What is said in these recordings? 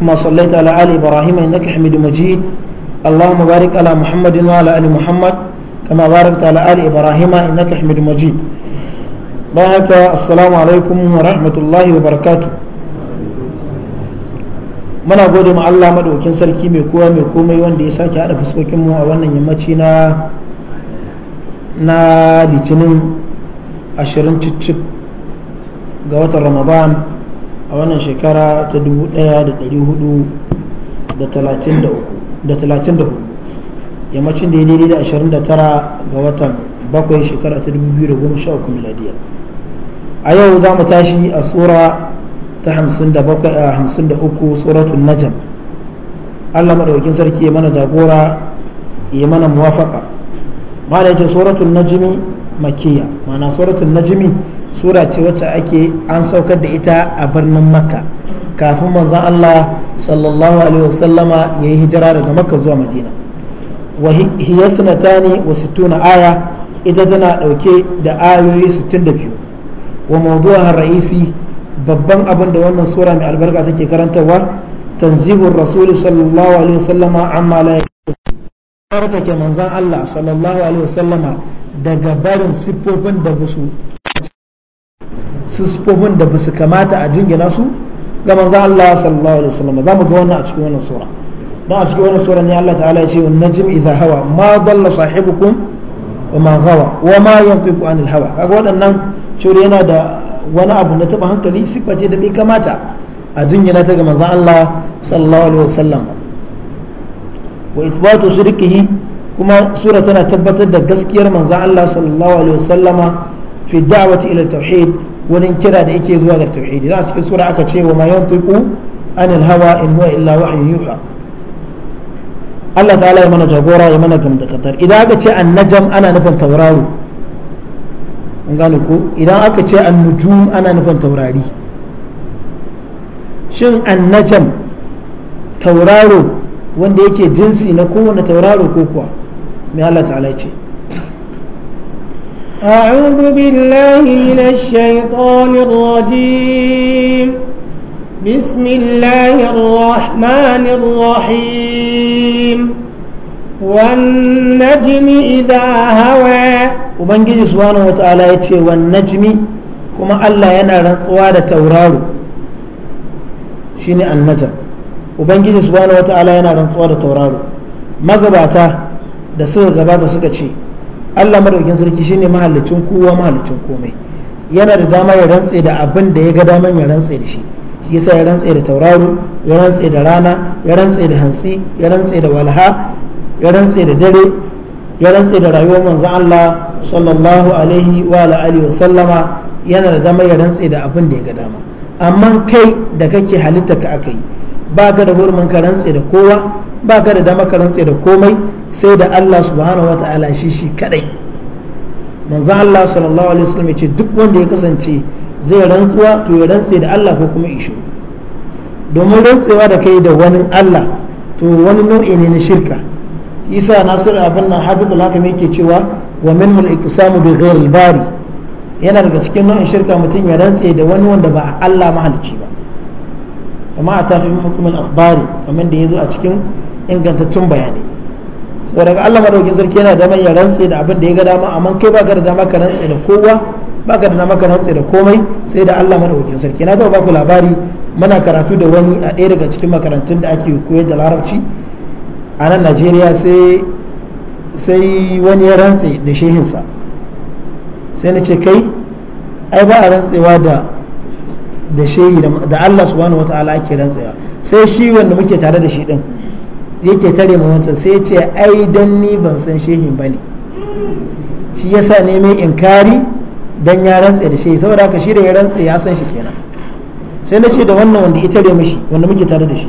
كما صليت على آل إبراهيم إنك حميد مجيد اللهم بارك على محمد وعلى آل محمد كما باركت على آل إبراهيم إنك حميد مجيد بارك السلام عليكم ورحمة الله وبركاته muna gode ma Allah madaukin sarki mai kowa mai komai wanda ya sake haɗa fuskokin mu a wannan yammaci na na litinin ashirin cicci ga watan ramadan a wannan shekara ta 1434 yammacin da ya daidai da 29 ga watan bakwai shekara ta 2013 miladiya a yau za mu tashi a tsura ta 53 tsoratun najam allah maɗaukin sarki ya mana jagora ya mana muwafaka ma da yake tsoratun najimi makiya mana tsoratun najimi sura ce wacce ake an saukar da ita a birnin makka kafin manzon Allah sallallahu alaihi wasallama ya yi hijira daga makka zuwa madina wa hiya sunatani wa sittuna aya ita tana dauke da ayoyi 62 wa mawdu'uha ra'isi babban abin da wannan sura mai albarka take karantarwa tanzihur rasul sallallahu alaihi wasallama amma la ke manzon Allah sallallahu alaihi wasallama daga barin siffofin da busu siffofin da ba su kamata a jingina su ga manzo Allah sallallahu alaihi wasallam za mu ga wannan a cikin wannan sura don a cikin wannan sura ne Allah ta'ala ya ce wan najm idha hawa ma dalla sahibukum wa ma ghawa wa ma yantiqu anil hawa kaga waɗannan cewa yana da wani abu na taba hankali siffa ce da bai kamata a jingina ta ga manzo Allah sallallahu alaihi wasallam wa ithbatu shirkihi kuma sura tana tabbatar da gaskiyar manzo Allah sallallahu alaihi wasallama fi da'wati ila tauhid wurin kira da yake zuwa ga tauhidi na cikin sura aka ce wa ma yantiqu anil hawa in huwa illa wahyu yuha Allah ta'ala ya mana jagora ya mana gamdakatar idan aka ce annajam ana nufin tauraro an gane ko idan aka ce annujum ana nufin taurari shin annajam tauraro wanda yake jinsi na kowane tauraro ko kuwa Me Allah ta'ala ya ce أعوذ بالله من الشيطان الرجيم بسم الله الرحمن الرحيم والنجم إذا هوى وبنجي سبحانه وتعالى يتشي والنجم كما ألا ينال طوال تورار شيني النجم وبنجي سبحانه وتعالى ينال طوال تورار مقباتا da suka gabata suka ce Allah madaukin sarki shine mahallicin kowa mahallicin komai yana da dama ya rantse da abin da ya ga daman ya rantse da shi shi yasa ya rantse da tauraro ya rantse da rana ya rantse da hantsi ya rantse da walha ya rantse da dare ya rantse da rayuwar manzon Allah sallallahu alaihi wa alihi wa sallama yana da dama ya rantse da abin da ya ga dama amma kai da kake halitta ka aka yi ba ka da hurumin ka rantse da kowa ba ka da dama ka rantse da komai sai da Allah subhanahu wata'ala shi shi kadai manzo Allah sallallahu alaihi wasallam ce duk wanda ya kasance zai rantsuwa to ya rantse da Allah ko kuma isho domin rantsewa da kai da wani Allah to wani nau'i ne na shirka isa nasir abin nan habibul hakim yake cewa wa min mul iqsamu bi ghairil bari yana daga cikin nau'in shirka mutum ya rantse da wani wanda ba Allah mahalicci ba kama a tafi hukumul akhbari kamar da yazo a cikin ingantattun bayanai to daga Allah madaukin sarki yana da manyan ya da abin da ya ga dama amma kai baka da dama ka rantse da kowa baka da dama ka rantse da komai sai da Allah madaukin sarki na zaba baku labari mana karatu da wani a ɗaya daga cikin makarantun da ake koyar da larabci a nan Najeriya sai wani ya rantse da shehinsa sai na ce kai ai ba a rantsewa da da shehi da Allah subhanahu wataala ake rantsewa sai shi wanda muke tare da shi din yake tare ma wancan sai ya ce ai dan ni ban san shehin ba ne shi sa ne mai inkari dan ya rantse da shehi saboda haka shi da ya rantse ya san shi kenan sai na ce da wannan wanda ita da mishi wanda muke tare da shi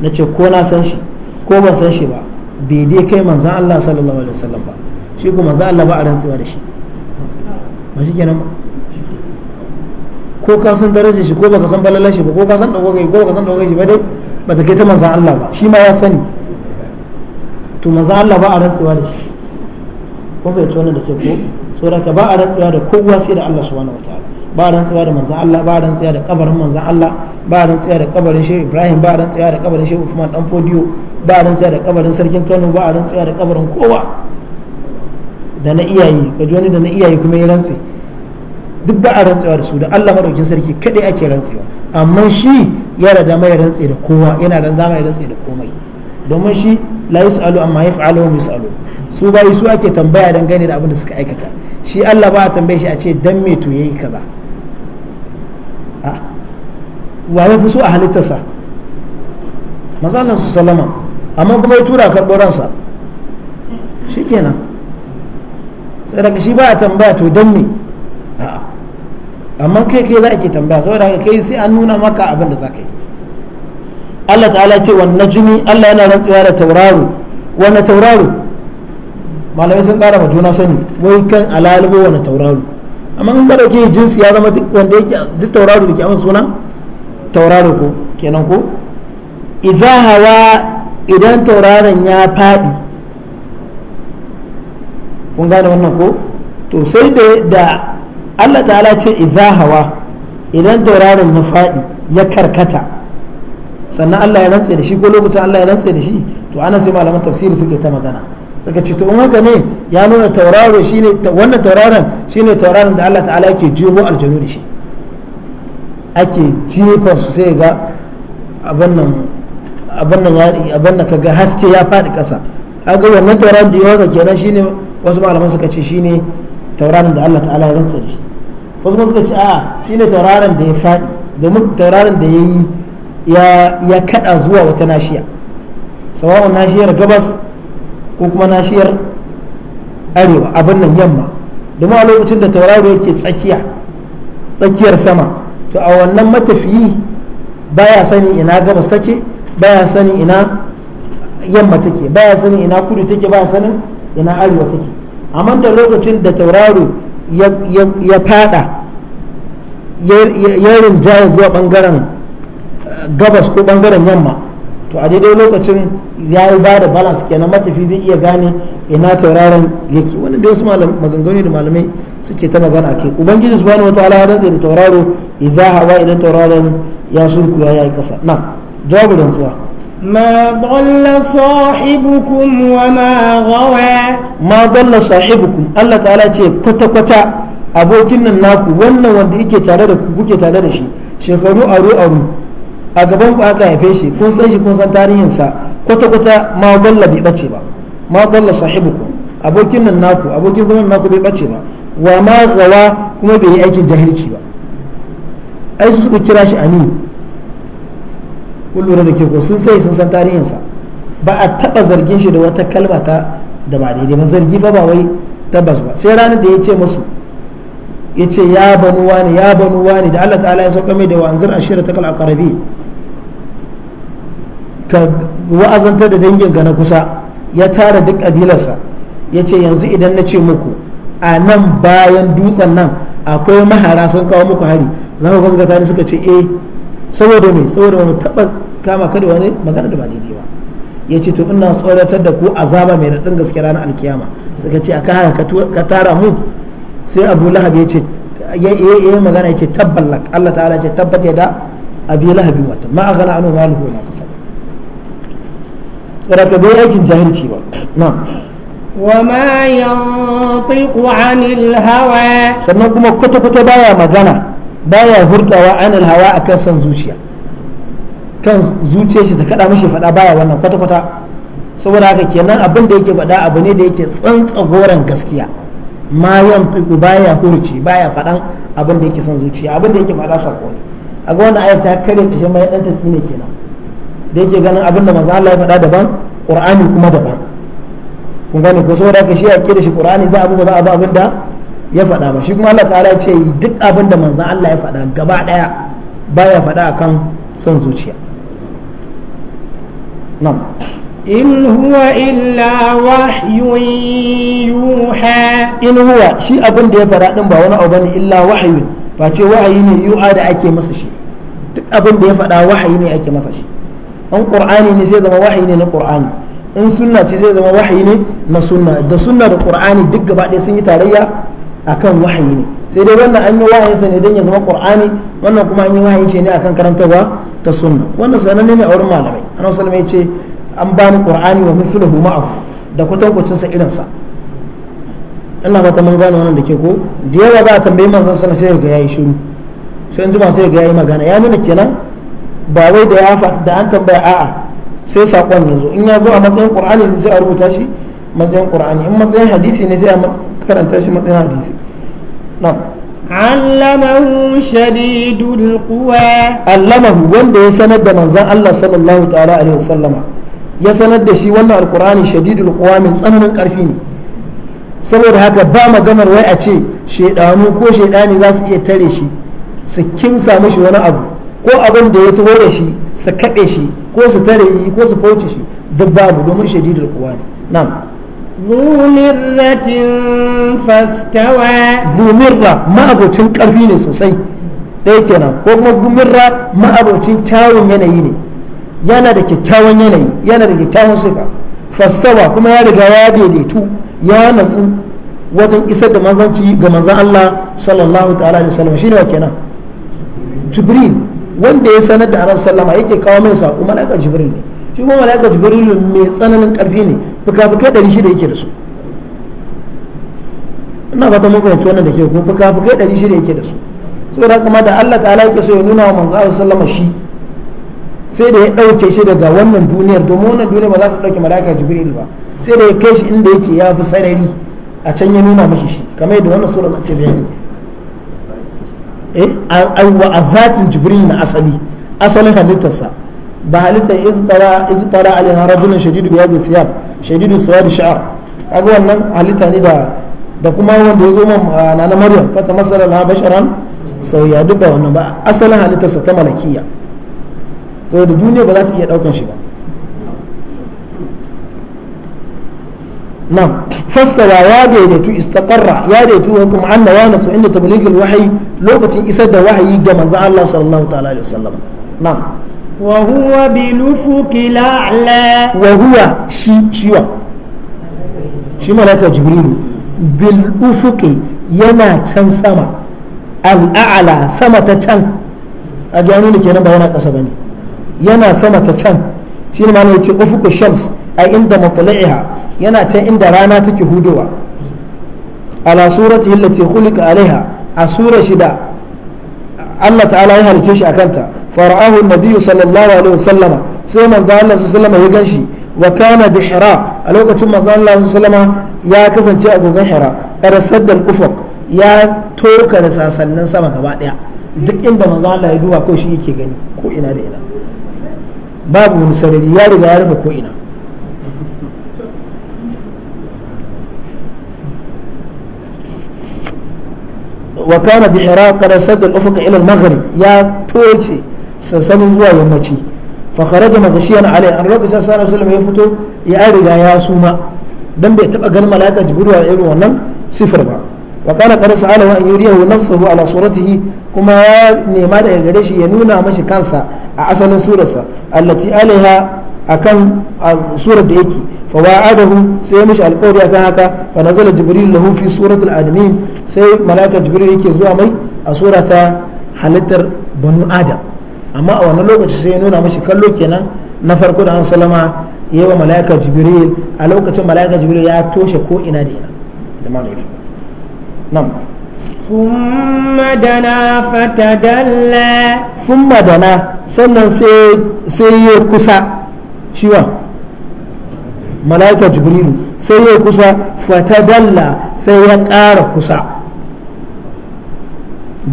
na ce ko na san shi ko ban san shi ba bai dai kai manzan Allah sallallahu alaihi wasallam ba shi ko manzan Allah ba a rantsewa da shi ba shi kenan ba ko ka san darajar shi ko baka san balalar shi ba ko ka san kai ko baka san dago shi ba dai ba ta kai ta manzan Allah ba shi ma ya sani to maza Allah ba a rantsuwa da shi ko bai tona da ke ko so saboda ba a rantsuwa da kowa sai da Allah subhanahu wataala ba a rantsuwa da manzo Allah ba a rantsuwa da kabarin manzo Allah ba a rantsuwa da kabarin Shehu Ibrahim ba a rantsuwa da kabarin Shehu Usman dan Fodiyo ba a rantsuwa da kabarin sarkin Kano ba a rantsuwa da kabarin kowa da na iyaye kaji wani da na iyaye kuma ya rantsi duk ba a rantsuwa da su da Allah madaukin sarki kadai ake rantsuwa amma shi yana da mai rantsi da kowa yana da mai rantsi da komai domin shi la yus'alu amma yaf'alu hum yus'alu su bai su ake tambaya dangane da abin da suka aikata shi Allah ba a tambaye shi a ce dan me to yayi kaza ah, wa ya fi so a halittarsa matsalan su salama amma kuma ya tura karɓo ransa shi kenan daga shi ba a tambaya to dan me amma kai kai za a ke tambaya saboda kai sai an nuna maka abin da za ka yi Allah ta'ala ce wa najmi Allah yana rantsuwa da tauraro wani tauraro malamai sun kara ma juna sani wai kan alalibo wani tauraro amma in kada ke jinsi ya zama duk wanda yake duk tauraro da ke amsa suna tauraro ko kenan ko idan hawa idan tauraron ya fadi kun gane wannan ko to sai da da Allah ta'ala ce idan hawa idan tauraron ya fadi ya karkata sannan Allah ya rantse da shi ko lokacin Allah ya rantse da shi to ana sai malaman tafsiri suke ta magana daga ce to in haka ne ya nuna tauraro shine wannan tauraron shine tauraron da Allah ta'ala yake jiho aljanu da shi ake jefa su sai ga abin nan abin nan yari abin nan kaga haske ya faɗi ƙasa kaga wannan tauraron da yawa kenan kenan shine wasu malaman suka ce shine tauraron da Allah ta'ala ya rantse da shi wasu suka ce a shine tauraron da ya faɗi domin tauraron da ya yi ya kada zuwa wata nashiya sawa'un nashiyar gabas ko kuma nashiyar arewa abin nan yamma domin a lokacin da tauraro yake tsakiya tsakiyar sama to a wannan matafiyi baya sani ina gabas take baya sani ina yamma take baya sani ina kudu take baya sanin ina arewa take amma da lokacin da tauraro ya fada ya rinjaya zuwa bangaren gabas ko bangaren yamma to a daidai lokacin ya yi ba da balance kenan matafi zai iya gane ina tauraron yake wani da wasu maganganu da malamai suke ta magana ake ubangiji su bani wata ya zai da tauraro idan hawa idan tauraron ya sulku ya yi kasa na jawabu zuwa. ma dalla sahibukum wa ma gawa ma dalla sahibukum allah ta'ala ce kwata kwata abokin nan naku wannan wanda yake tare da ku kuke tare da shi shekaru aro aro a gaban ku aka haife shi kun san shi kun san tarihinsa kwata-kwata ma dalla bai bace ba ma dalla sahibukum abokin nan naku abokin zaman naku bai bace ba wa ma gawa kuma bai yi aikin jahilci ba ai su suka kira shi amin kun lura da ke ko sun sai sun san tarihinsa ba a taba zargin shi da wata kalma ta da ba daidai ba zargi ba ba wai tabbas ba sai ranar da ya ce musu yace ce ya banu wani ya banu wani da Allah ta'ala ya sauka mai da wanzir ashirar ta kalakarabi ka wa'azanta da danginka na kusa ya tara duk kabilarsa yace yanzu idan na ce muku a nan bayan dutsen nan akwai mahara sun kawo muku hari za ku gaskata ne suka ce eh saboda me saboda mu taba kama kada wani magana da ba daidai ba ya to ina tsoratar da ku azaba mai daɗin gaske ranar alkiyama suka ce a ka tara mu sai abu lahab ya ce ya yi magana ya ce tabballak Allah ta'ala ce tabbat ya da lahab lahabin wata ma a gana anu maluhu na kasa raka bai aikin jahilci ba na wa ma yantiqu anil hawa sannan kuma kwata kwata baya magana baya hurtawa anil hawa akan san zuciya kan zuciya shi ta kada mishi fada baya wannan kwata kwata saboda haka kenan abin da yake faɗa abu ne da yake tsantsa goren gaskiya ma yantiqu baya hurci baya faɗan abin da yake son zuciya abin da yake faɗa sako ne a ga wannan ayat ta kare kashe mai dan tsine kenan da yake ganin abin da manzo Allah ya faɗa daban qur'ani kuma daban kun gane ko saboda ka shi a da shi qur'ani za abu ba za a ba abin da ya faɗa ba shi kuma Allah ta'ala ya ce duk abin da manzo Allah ya faɗa gaba daya baya faɗa akan son zuciya na'am in huwa illa wahyun yuha in huwa shi abin da ya fara din ba wani abu illa wahyun ba ce wahayi ne yuha da ake masa shi duk abin da ya faɗa wahayi ne ake masa shi an qur'ani ne sai zama wahayi ne na qur'ani in sunna ce sai zama wahayi ne na sunna da sunna da qur'ani duk gaba ɗaya sun yi tarayya akan ne sai dai wannan an yi wahayin sa ne dan ya zama qur'ani wannan kuma an yi wahayin ce ne akan karantarwa ta sunna wannan sananne ne a wurin malamai annabi sallallahu alaihi ce an bani qur'ani wa mithluhu ma'ahu da kwatankwacin sa irin sa Allah ta mun gane wannan da ke ko da yawa za a tambayi manzon sallallahu alaihi sai ga yayi shiru sai an jima sai ga yayi magana ya nuna kenan ba wai da ya da an tambaya a'a sai sakon ya zo in ya zo a matsayin qur'ani ne sai a rubuta shi matsayin qur'ani in matsayin hadisi ne sai a karanta shi matsayin hadisi na'am allamahu shadidul quwa allamahu wanda ya sanar da manzon Allah sallallahu ta'ala alaihi wasallama ya sanar da shi wannan alkur'ani shadidul kuwa mai tsananin karfi ne saboda haka ba maganar wai a ce shaidanu ko shaidani za su iya tare shi su samu shi wani abu ko abin da ya taho da shi su kaɓe shi ko su tare yi ko su fauce shi duk babu domin shadidul kuwa ne na'am zumirra ma'abocin karfi ne sosai ɗaya kenan ko kuma zumirra ma'abocin kyawun yanayi ne yana da kyakkyawan yanayi yana da kyakkyawan sifa fastawa kuma ya riga ya daidaitu ya natsu wajen isar da manzanci ga manzan Allah sallallahu ta'ala alaihi shi ne wa kenan jibril wanda ya sanar da anan sallama yake kawo mai sako malaika jibril ne shi kuma malaika jibril mai tsananin karfi ne fuka fuka ɗari shida yake da su ina fata mun fahimci wannan da ke ko fuka fuka ɗari shida yake da su saboda haka da Allah ta'ala yake so ya nuna wa manzan Allah sallama shi sai da ya ɗauke shi daga wannan duniyar domin wannan duniyar ba za ta ɗauke malaka jibril ba sai da ya kai shi inda yake ya fi sarari a can ya nuna mashi shi kamar yadda wannan sura ake bayani eh wa azatin jibril na asali asalin halittarsa ba halitta iz tara alaiha rajulun shadidu biyadi thiyab shadidu da sha'ar kaga wannan halitta ne da da kuma wanda ya zo ma nana maryam fata masala la basharan sauya duk wannan ba asalin halittarsa ta malakiya saboda duniya ba za ta iya daukan shi ba nam fastawa ya daidaitu istaqarra ya daidaitu wa kuma anna ya natsu inda tabligil wahayi lokacin isar da wahayi ga manzo Allah sallallahu ta'ala alaihi wasallam nam wa huwa bi nufuqil a'la wa huwa shi shiwa shi malaka jibrilu bil ufuqi yana can sama al'a'la sama ta can a gano ne kenan ba yana ƙasa bane yana sama ta can shi ne mana yace ufuku shams a inda mutla'iha yana can inda rana take hudowa ala surati allati khuliqa alaiha a sura shida Allah ta'ala ya halice shi akanta fara'ahu nabiyyu sallallahu alaihi wasallama sai manzo Allah sallallahu alaihi ya ganshi wa kana bi hira a lokacin manzo Allah sallallahu ya kasance a gogon hira qarsad dal ufuq ya toka da sasannin sama gaba daya duk inda manzo Allah ya duba ko shi yake gani ko ina da ina babu wani sarari ya riga ya rufe ko'ina wa kana bi iraq qad sadda al ila al-maghrib ya toce sansanin zuwa yammaci fa kharaja maghshiyan alai an lokacin sallallahu alaihi wasallam ya fito ya riga ya suma dan bai taba ganin malaka jibril a irin wannan sifar ba fa kana qad sa'alahu an yuriyahu nafsuhu ala kuma ya nema daga gare shi ya nuna mashi kansa a asalin surarsa allati alaiha akan surar da yake fa wa'adahu sai ya mishi alƙawari akan haka fa nazala jibril lahu fi suratul admin sai malaka jibril yake zuwa mai a surata halittar banu adam amma a wannan lokaci sai ya nuna mashi kallo kenan na farko da an salama ya yi wa mala'ika jibril a lokacin mala'ika jibril ya toshe ko ina da ina نعم ثم دنا فتدلى ثم دنا سنن سي كسا شيوا ملائكة جبريل سي كسا فتدلى سي قار كسا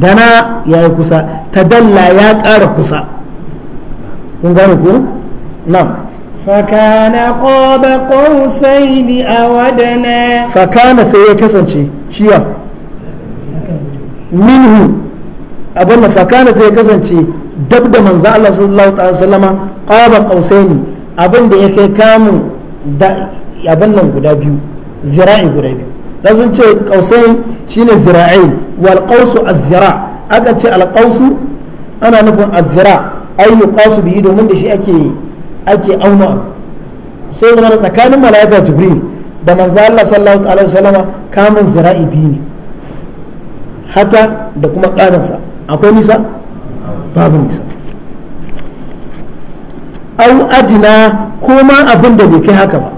dana ya yi kusa ta dalla ya ƙara kusa kun gane ku nan fakana ƙoba ƙausai ni a wadana fakana sai ya kasance shiya minhu abin da fakana sai kasance dab da manzo Allah sallallahu alaihi wasallam qaba qausaini abin da ya kai kamun da abin nan guda biyu zira'i guda biyu da sun ce qausain shine zira'i wal qausu az-zira aka ce al qausu ana nufin az-zira ay bi bihi domin da shi ake ake auna sai zama tsakanin malaika jibril da manzo Allah sallallahu alaihi wasallam kamun zira'i biyu ne hata da kuma ƙaransa akwai nisa babu nisa au adina ko ma abin da bai kai haka ba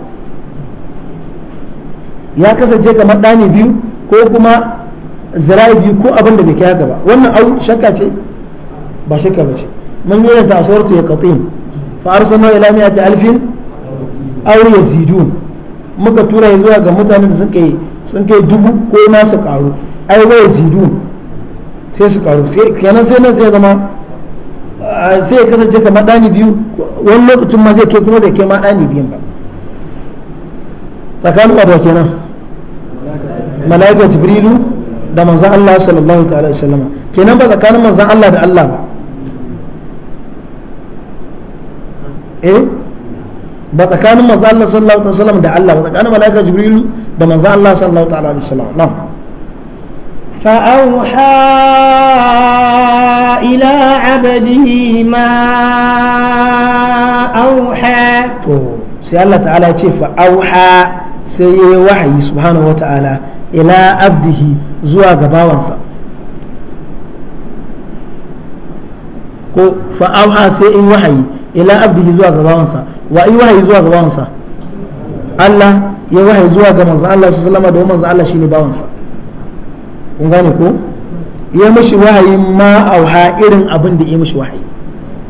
ya kasance kamar ɗani biyu ko kuma zira'i biyu ko abin da bai kai haka ba wannan au shakka ce ba shakka ba ce man yi ta aswartu ya qati'in fa arsalna ila mi'ati alfin aw yazidun muka tura zuwa ga mutanen da sun kai dubu ko nasu su karu ai wai zidu sai su karu kenan sai nan sai zama sai ya kasance kamar ɗani biyu wani lokacin ma zai ke kuma da ke ma ɗani biyun ba tsakanin wadda kenan mala'ika jibrilu da manzan Allah sallallahu ta'ala sallama kenan ba tsakanin manzan Allah da Allah ba eh ba tsakanin manzan Allah sallallahu ta'ala wasallama da Allah ba tsakanin mala'ika jibrilu da manzan Allah sallallahu ta'ala wasallama na'am فأوحى إلى عبده ما أوحى سي الله تعالى فأوحى سي وحي سبحانه وتعالى إلى عبده زوى قباوانسا فأوحى سي وحي إلى عبده زوى قباوانسا وإي وحي زوى قباوانسا الله يوحي زوى قباوانسا الله سلامه دوما الله شيني باوانسا kun gane ko ya mishi wahayi ma auha irin abin da ya mishi wahayi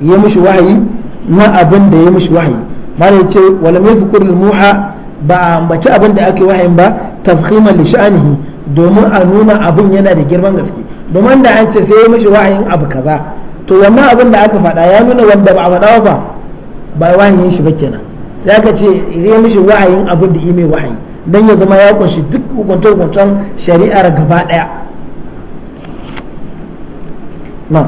ya mishi wahayi na abin da ya mishi wahayi ya ce walam yadhkur al-muha ba a ambaci abin da ake wahayin ba tafhiman li sha'anihi domin a nuna abin yana da girman gaske domin da an ce sai ya mishi wahayin abu kaza to wannan abin da aka faɗa ya nuna wanda ba a faɗa ba ba wahayin shi ba kenan sai aka ce ya mishi wahayin abin da ya mai wahayi dan ya zama ya kunshi duk hukunce-hukuncen shari'ar gaba ɗaya نعم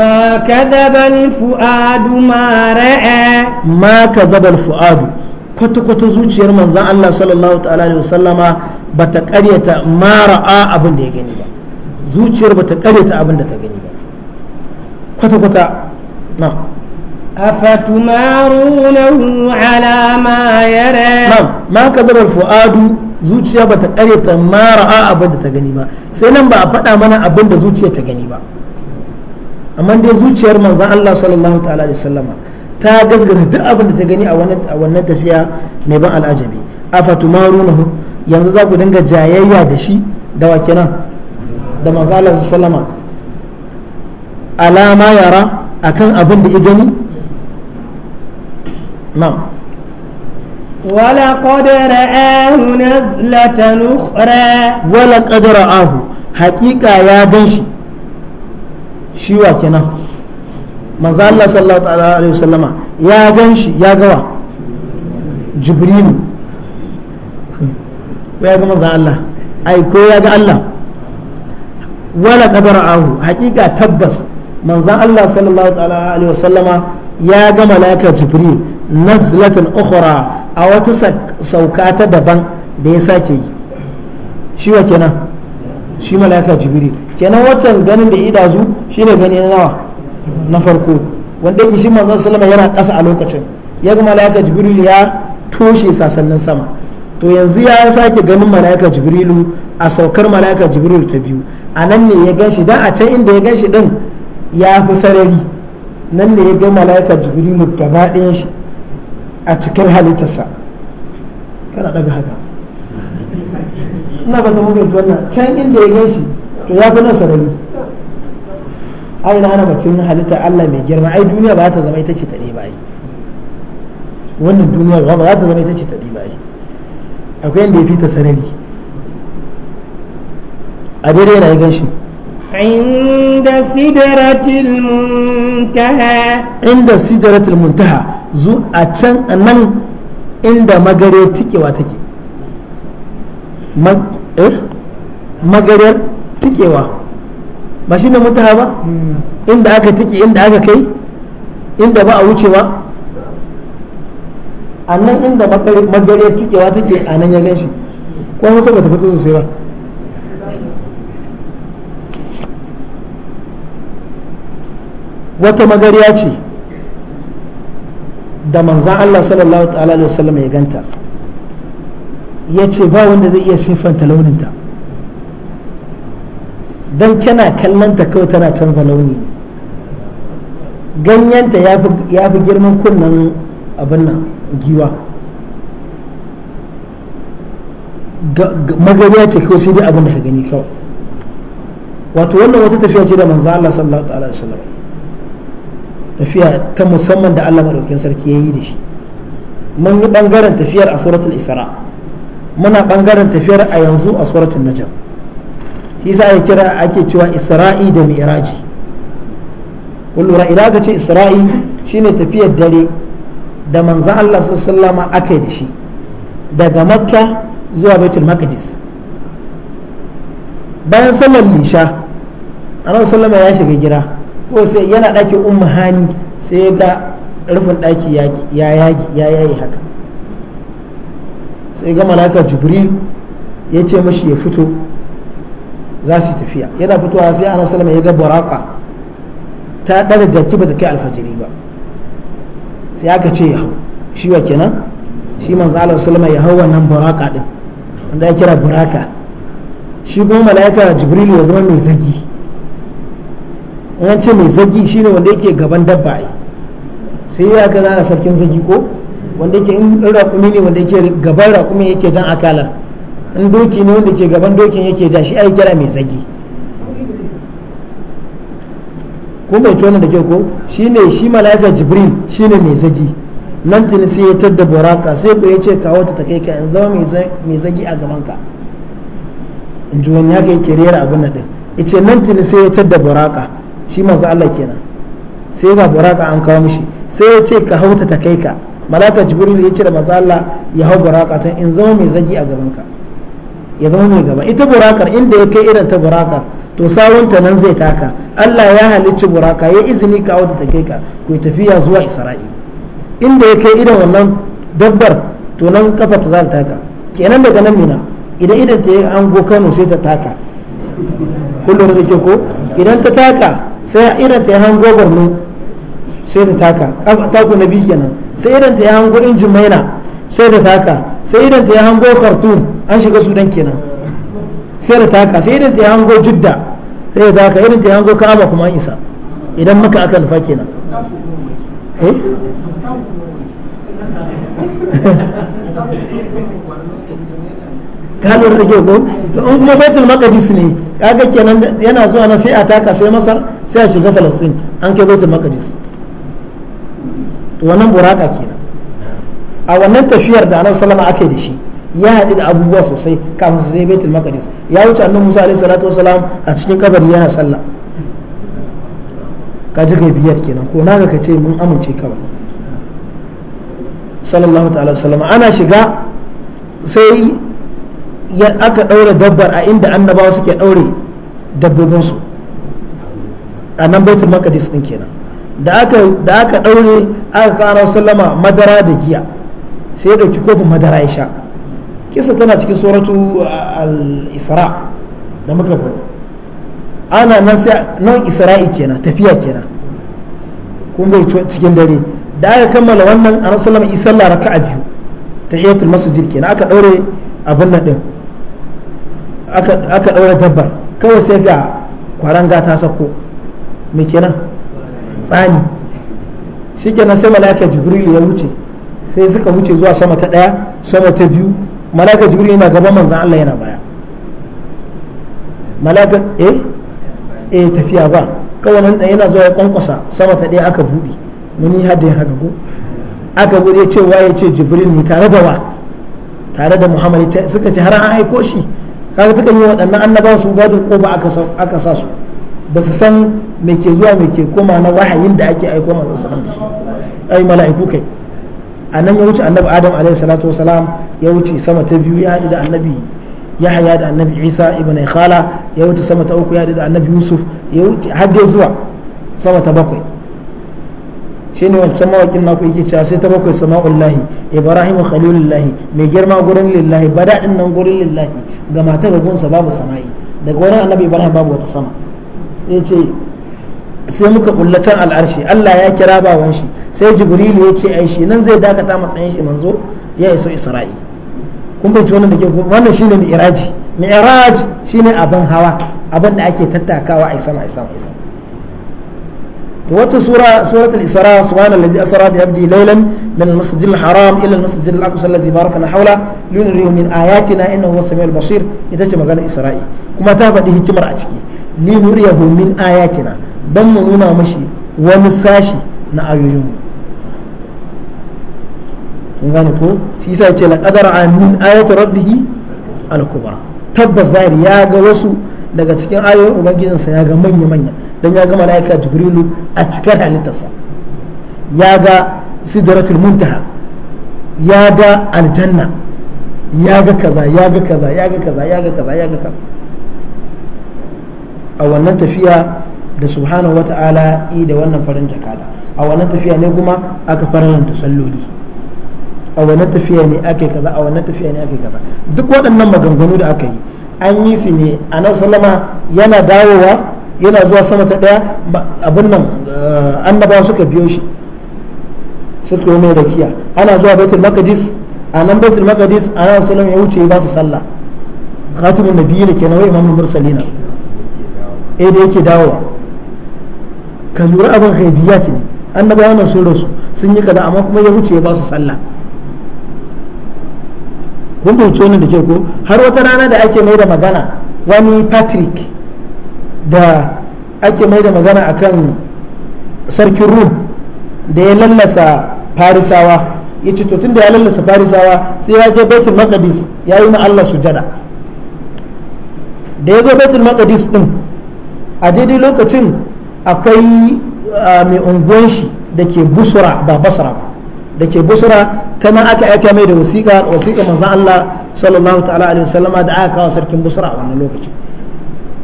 ما كذب الفؤاد ما رأى ما كذب kwata-kwata zuciyar manzan Allah sallallahu alaihi wasallama ba ta karyata mara'a abin da ya gani ba zuciyar ba karyata abin da ta gani ba kwata-kwata na afatumarunahu ala ma yara na ma ka zabar fu'adu zuciya ba karyata mara'a abin da ta gani ba sai nan ba a faɗa mana abin da ta gani ba amma dai zuciyar manzan Allah sallallahu ta'ala da sallama ta gasgata duk abin da ta gani a wannan tafiya mai ban al'ajabi a afatumarunahu yanzu za ku dinga jayayya da shi da wa kenan da manzan Allah sallama alama yara akan abin da ya gani na'am ولقد رآه نزلة أخرى ولقد رآه حقيقة يا بنشي shi wa kenan manzo Allah sallallahu alaihi wasallama ya gan shi ya gawa jibrilu ya ga manzo Allah ai ko ya ga Allah wala qadara ahu hakika tabbas manzo Allah sallallahu alaihi wasallama ya ga malaka jibril nazlatan ukhra a wata saukata daban da ya sake yi shi wa kenan shi malaka jibril kenan wancan ganin da ida zu shine gani na nawa na farko wanda yake shi manzon sallama yana ƙasa a lokacin ya ga malaika jibril ya toshe sasannin sama to yanzu ya sake ganin malaika jibrilu a saukar malaika jibril ta biyu a nan ne ya ganshi dan a can inda ya ganshi din ya fi sarari nan ne ya ga malaika jibrilu gaba ɗayan shi a cikin halittarsa kana daga haka ina ba ta mafi wannan can inda ya shi to ya fi nan sarari ai na hana mutum halitta Allah mai girma ai duniya ba ta zama ita ce ta ba ai wannan duniya ba za ta zama ita ce ta ba ai akwai yadda ya fi ta sarari a daidai yana yi ganshi inda سدرة المنتهى عند سدرة المنتهى زو أتشان أنن عند مغريتك magare مغ... إيه؟ مغريتك tikewa ba shi ne mutaha ba inda aka tiki inda aka kai inda ba a wucewa a nan inda magare tikewa take a nan ya gan shi ko hausa ba ta fito sosai ba wata magariya ce da manzan Allah sallallahu ta'ala alaihi wasallam ya ganta ya ce ba wanda zai iya siffanta launinta don kana kallon ta kawai tana canza launi ganyenta ya fi girman kunnen abin nan giwa magariya ce kawai sai dai abin da ka gani kawai wato wannan wata tafiya ce da manzo Allah sallallahu alaihi wasallam tafiya ta musamman da Allah madaukakin sarki ya yi da shi mun yi bangaren tafiyar a suratul isra muna bangaren tafiyar a yanzu a suratul najm shi sa ya kira ake cewa isra'i da mi'raji lura idan aka ce isra'i shine tafiyar dare da manzan Allah sallama aka yi da shi daga makka zuwa baitul maqdis bayan sallar lisha annabi sallama ya shiga gida ko sai yana ɗaki umahani hani sai ga rufin ɗaki ya yayi haka sai ga malaka jibril ya ce mashi ya fito za su tafiya yana fitowa sai ana salama ya ga buraka ta ɗara jaki ba ta kai alfajiri ba sai aka ce ya hau shi wa kenan shi manzo Allah sallama ya hau wannan buraka din wanda ya kira buraka shi kuma mala'ika jibril ya zama mai zagi wancan mai zagi shine wanda yake gaban dabba ai sai ya ga sarkin zagi ko wanda yake in raƙumi ne wanda yake gaban raƙumi yake jan akalar in doki ne wanda ke gaban dokin yake ja shi ai kira mai tsaki ko bai tona da kyau ko shine shi mala'ika jibril shine mai tsaki nan tuni sai ya tadda buraka sai ya ce kawo ta kai ka in zama mai tsaki a gaban ka in ji wani haka yake rera abin nan din ce nan tuni sai ya tadda buraka shi manzo Allah kenan sai ga buraka an kawo mishi sai ya ce ka hauta ta kai ka mala'ika jibril ya ce da manzo Allah ya hau buraka ta in zama mai tsaki a gaban ka ya zama mai gaba ita burakar inda ya kai irin ta buraka to sawunta nan zai taka Allah ya halicci buraka ya izini ka wata ta kai ka ku tafiya zuwa Isra'i inda ya kai irin wannan dabbar to nan kafa ta za ta taka kenan daga nan mina idan idan ta yi go Kano sai ta taka kullum da ke ko idan ta taka sai irin ta yi hango Borno sai ta taka taku na biyu kenan sai irin ta yi hango injin maina sai da taka sai idan ta ya hango khartoum an shiga sudan kenan sai da taka sai idan ta ya hango judda sai da taka idan ta ya hango ka'aba kuma an isa idan maka aka nufa kenan eh? kalmar da ke ko to in kuma baitul maqdis ne kaga kenan yana zuwa na sai a taka sai masar sai a shiga falastin an kai baitul maqdis to wannan buraka kenan a wannan tafiyar da annabi sallama ake da shi ya haɗu da abubuwa sosai kafin su zai baitul maqdis ya wuce annabi Musa alaihi salatu wasalam a cikin kabari yana sallah ka ji biyar kenan ko na ka ce mun amince kawai sallallahu ta'ala wasallam ana shiga sai ya aka ɗaure dabbar a inda annabawa suke ɗaure dabbobinsu a nan baitul maqdis din kenan da aka da aka ɗaure aka kawo sallama madara da giya sai ya ɗauki kofin madara ya sha kisa tana cikin suratu al-isra da muka faɗi ana nan sai nan isra'i kenan tafiya kenan kun bai cikin dare da aka kammala wannan annabi sallallahu isar lara ka raka'a biyu masu masjid kenan aka daure abin nan ɗin aka aka daure dabbar kawai sai ga kwaranga ta sako me kenan tsani kenan sai malaika jibril ya wuce sai suka wuce zuwa sama ta ɗaya sama ta biyu malaka jibril yana gaban manzan Allah yana baya malaka eh eh tafiya ba kawai nan yana zuwa ya kwankwasa sama ta ɗaya aka buɗe muni hada ya haka ko aka buɗe ya ce jibril ne tare da wa tare da muhammad suka ce har an aiko shi kaga ta yi waɗannan annabawa su gado ko ba aka sa su ba su san me ke zuwa me ke koma na wahayin da ake aiko manzan sallallahu alaihi wasallam ai mala'iku kai a ya wuce annabi adam alaihi salatu wasalam ya wuce sama ta biyu ya haɗu da annabi yahya da annabi isa ibn khala ya wuce sama ta uku ya da annabi yusuf ya wuce har dai zuwa sama ta bakwai shine wancan mawakin naku yake cewa sai ta bakwai sama'ullahi ibrahim khalilullahi mai girma gurin lillahi badadin nan gurin lillahi ga mata gagunsa babu sama'i daga wurin annabi ibrahim babu wata sama yace sai muka bullacin al'arshi Allah ya kira bawan shi sai jibrilu ya ce ai shi nan zai dakata matsayin shi manzo ya iso isra'i kun bai wannan da ke wannan shine mi'raji mi'raj shine abin hawa abin da ake tattakawa a sama a sama a sama to wata sura suratul isra subhana allazi asra bi abdi laylan min al-masjid haram ila al-masjid al-aqsa alladhi barakna hawla linurihu min ayatina innahu huwas samiul basir ita ce magana isra'i kuma ta faɗi hikimar a ciki ni linuriyahu min ayatina don mu nuna mashi wani sashi na ayoyinmu kun gane ko shi yasa ce laqadar min ayatu rabbih al-kubra tabbas zahiri ya ga wasu daga cikin ayoyin sa ya ga manya manya dan ya ga malaika jibrilu a cikar halittarsa ya ga sidratul muntaha ya ga aljanna ya ga kaza ya ga kaza ya ga kaza ya ga kaza ya ga kaza a wannan tafiya da subhanahu wa ta'ala i da wannan farin jakada a wannan tafiya ne kuma aka faranta salloli a wannan tafiya ne ake kaza a wannan tafiya ne ake kaza duk waɗannan maganganu da aka yi an yi su ne a nan sallama yana dawowa yana zuwa sama ta ɗaya abin nan eh, annabawa suka biyo shi suka yi mai rakiya ana zuwa baitul makadis a nan baitul makadis a nan sallama ya wuce ya ba su sallah khatimun nabiyyi ne kenan wai imamul mursalina ɗaya da yake dawowa ka lura abin haibiyat ne annabawa nan sun rasu sun yi kaza amma kuma ya wuce ya ba su sallah kun fahimci wannan da ke ko har wata rana da ake mai da magana wani patrick da ake mai da magana kan sarkin rum da ya lallasa farisawa ya ce tun da ya lallasa farisawa sai ya je baitul maqdis ya yi ma Allah sujada da ya zo baitul maqdis din a daidai lokacin akwai mai unguwan shi da ke busura ba basra ba da ke busura ta nan aka aika mai da wasiƙa wasiƙa manzan Allah sallallahu ta'ala alaihi wasallama da aka kawo sarkin busura a wannan lokacin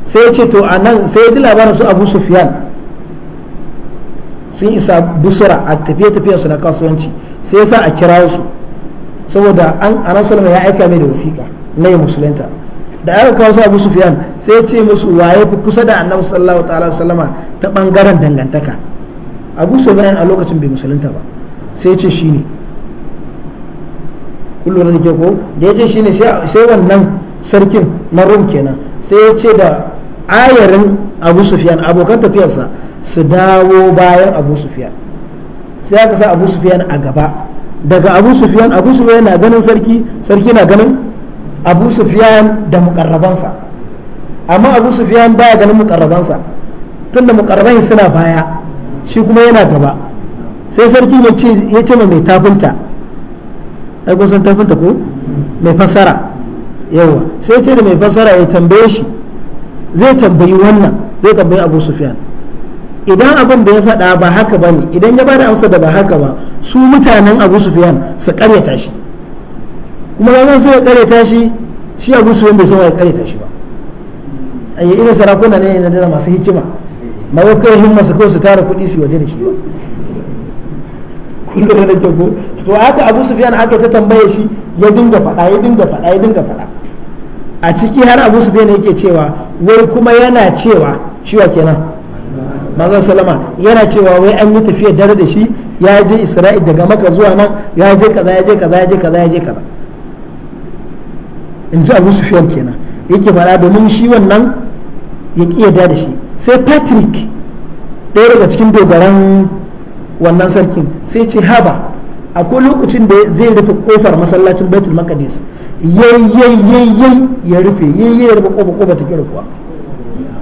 sai ya ce to a nan sai ya ji labarin su abu sufyan sun isa busura a tafiye-tafiyen su na kasuwanci sai ya sa a kira su saboda an anan ya aika mai da wasiƙa na yi musulunta da aka kawo su abu sufiyan sai ce musu waye fi kusa da annabi sallallahu ta'ala sallama ta bangaren dangantaka abu sufyan a lokacin bai musulunta ba sai ce shine kullum da ke ko da ya ce shine sai wannan sarkin na rum kenan sai ya ce da ayarin abu sufiyan abokan tafiyarsa su dawo bayan abu sufiyan sai aka sa abu sufiyan a gaba daga abu sufiyan abu sufiyan na ganin sarki sarki na ganin abu sufiyan da mukarrabansa amma abu sufiyan baya ganin mukarrabansa tunda mukarraban suna baya shi kuma yana gaba sai sarki ya ce mai tafinta ai san tafinta ko mai fassara yawa sai ce da mai fassara ya tambaye shi zai tambayi wannan zai tambayi abu sufiyan idan abin da ya faɗa ba haka ba ne idan ya da amsa da ba haka ba su mutanen abu sufiyan su karyata shi kuma ya zan so ya kareta shi shi a gusu bai wa ya kareta shi ba a yi irin sarakuna ne na da masu hikima ma wai kawai himma su kawai su tara kuɗi su waje da shi ba kullum da ke ko to haka abu sufiyan aka ta tambaye shi ya dinga faɗa ya dinga faɗa ya dinga faɗa a ciki har abu sufiyan yake cewa wai kuma yana cewa shi wa kenan manzon salama yana cewa wai an yi tafiya dare da shi ya je isra'il daga maka zuwa nan ya je kaza ya je kaza ya je kaza ya je kaza in ji abu sufiyan kenan yake mana domin shi wannan ya ƙiyada da shi sai patrick ɗaya daga cikin dogaran wannan sarkin sai ce haba akwai lokacin da zai rufe kofar masallacin baitul maqdis yayyayyayyayi ya rufe yayyayi ya rufe kofar kofar ta ke kuwa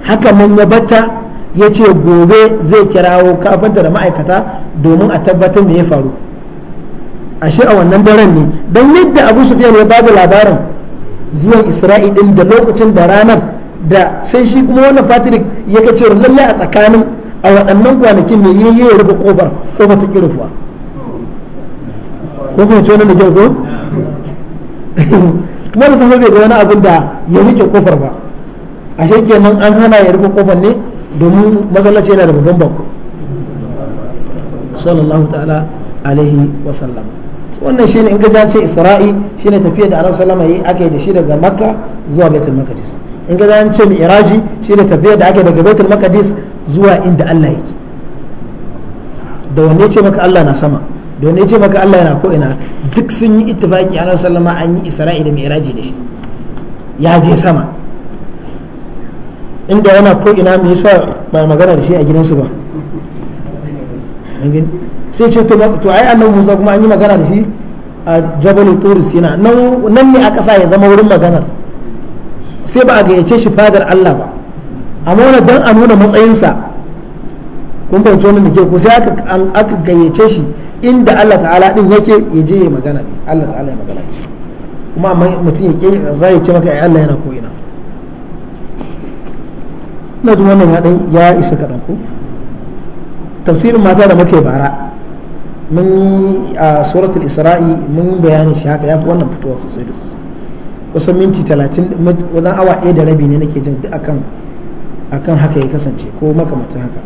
haka man ya bata ya ce gobe zai kirawo kafinta da ma'aikata domin a tabbatar me ya faru ashe a wannan daren ne don yadda abu sufiyan ya bada labarin zuwan isra'i din da lokacin da ranar da sai shi kuma wannan patrick ya ga cewa lalle a tsakanin a waɗannan kwanakin ne yi ya rufe kofar kofar ta kirufuwa ko kuma cewa da kyau ko kuma da sanar da wani abin da ya rike kofar ba a nan an hana ya rufe kofar ne domin matsalaci yana da babban bako sallallahu ta'ala alaihi wasallam wannan shine in ka ce isra'i shine tafiya da annabi sallama yi ake da shi daga makka zuwa baitul maqdis in ka ja ce mi'raji shine tafiya da ake daga baitul maqdis zuwa inda Allah yake da wanne ce maka Allah na sama da wanne ce maka Allah yana ko ina duk sun yi ittifaki annabi sallama an yi isra'i da mi'raji da shi ya je sama inda yana ko ina me yasa ba magana da shi a gidansu ba sai ce to ai annabi Musa kuma an yi magana da shi a Jabal Tur Sina nan ne a ƙasa ya zama wurin magana sai ba a gayyace shi fadar Allah ba amma wannan dan a nuna matsayinsa kun fahimci wannan da ke ko sai aka gayyace shi inda Allah ta'ala din yake ya je ya magana Allah ta'ala ya magana kuma amma mutum ya ke za ya ce maka ai Allah yana koyi na. ina duk wannan ya ya isa kaɗan ko tafsirin mata da muke bara mun yi a suratul isra'i mun bayani shi haka ya fi wannan fitowa sosai da sosai kusan minti talatin wajen awa ɗaya da rabi ne nake jin duk akan haka ya kasance ko makamantan haka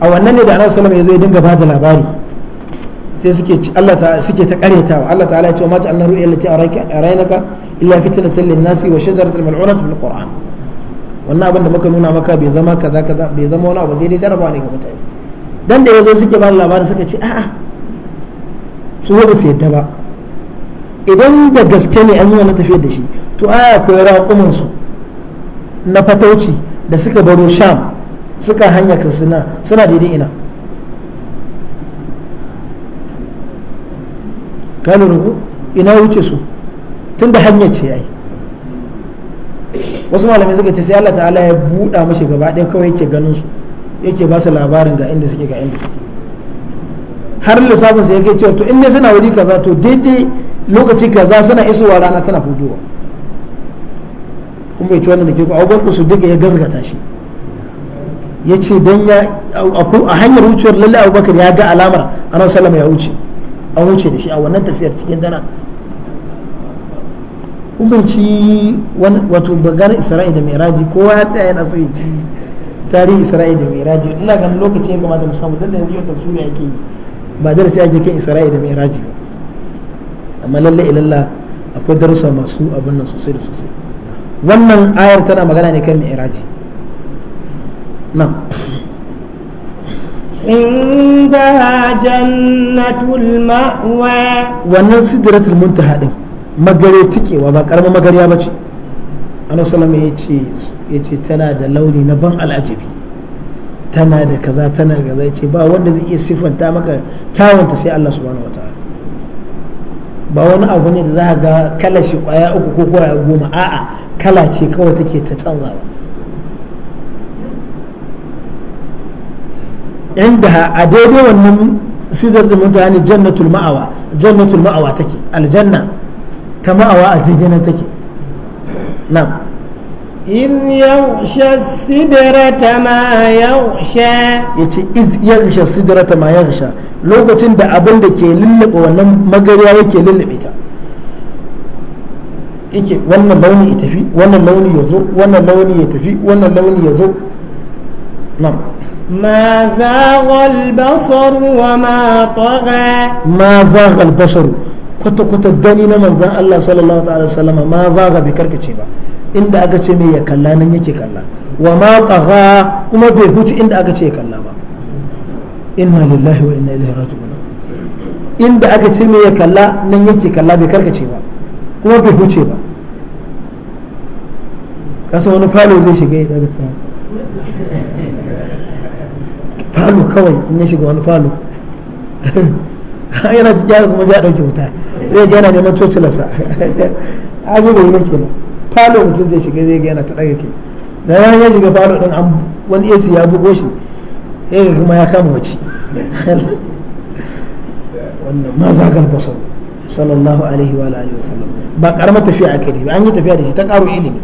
a wannan ne da annabi sallallahu alaihi ya zo ya dinga bada labari sai suke Allah ta suke ta karyatawa Allah ta'ala ya ce ma ta'anna ru'ya allati araynaka illa fitnatan lin-nasi wa shajaratul mal'unatu fil qur'an wannan abin da muka nuna maka bai zama kaza kaza bai zama wani abu sai dai jarabawa ne ga mutane dan da ya zo suke bani labarin suka ce a'a su ba su yadda ba idan da gaske ne an yi wani tafiyar da shi to aya akwai raƙumin su na fatauci da suka baro sham suka hanya kasina suna daidai ina kanu rubu ina wuce su tun da hanyar ce ai wasu malamai suka ce sai Allah ta'ala ya buɗa mashi gaba ɗaya kawai yake ganin su yake ba su labarin ga inda suke ga inda suke har lissafin sa yake cewa to in ne suna wuri kaza to daidai lokaci kaza suna isowa rana tana hudowa kuma ya ci wannan da ke ku abubakar su duka ya gazgata shi ya ce don ya a hanyar wucewar lalle abubakar ya ga alamar anan salama ya wuce an wuce da shi a wannan tafiyar cikin dana umarci wato bagar isra'i da raji kowa ya tsaye yana so ya tarihi isra'ila da miraji ina ganin lokaci ya kamata mu samu dan da yanzu yau tafsiri ake yi ba sai ake kan isra'ila da miraji ba amma lalle ilalla akwai darussa masu abin nan sosai da sosai wannan ayar tana magana ne kan miraji nan عندها جنة المأوى wannan sidratul muntaha din magare take wa ba karamar magariya bace annabi sallallahu ya ya ce tana da launi na ban al'ajabi tana da kaza tana da kaza ya ce ba wanda zai iya siffanta maka tawanta sai Allah subhanahu wa ta'ala ba wani abu ne da za ga kala shi kwaya uku ko kwaya goma a'a kala ce kawai take ta canza inda a daidai wannan sidar da mutane jannatul ma'awa jannatul ma'awa take aljanna ta ma'awa a daidai nan take na'am إذ يغشى السدرة ما يغشى يتي إذ يغشى السدرة ma يغشى لوكتين دا أبن دا كي للب ونم مغريا يكي للب إتا yake wannan launi ya tafi wannan launi ya zo wannan launi ya tafi wannan launi ya zo nan ma zaghal basar wa ma tagha ma zaghal basar kwata kwata dani na manzon Allah sallallahu ta'ala sallama ma zagha bi karkace ba inda aka ce mai ya kalla nan yake kalla wa ma tagha kuma bai huce inda aka ce ya kalla ba inna lillahi wa inna ilaihi raji'un inda aka ce mai ya kalla nan yake kalla bai karkace ba kuma bai huce ba kasan wani falo zai shiga ya daga falo kawai in ya shiga wani falo yana tijara kuma zai a ɗauke wuta zai yana neman cocilarsa a zai bai yi nan falo mutum zai shiga zai ga yana ta ɗaga ke da ya ya shiga falo ɗin an wani AC ya bugo shi ya kuma ya kama wace wannan ma zagar basau sallallahu alaihi wa alihi wa sallam ba karamar tafiya a da an yi tafiya da shi ta karo ilimi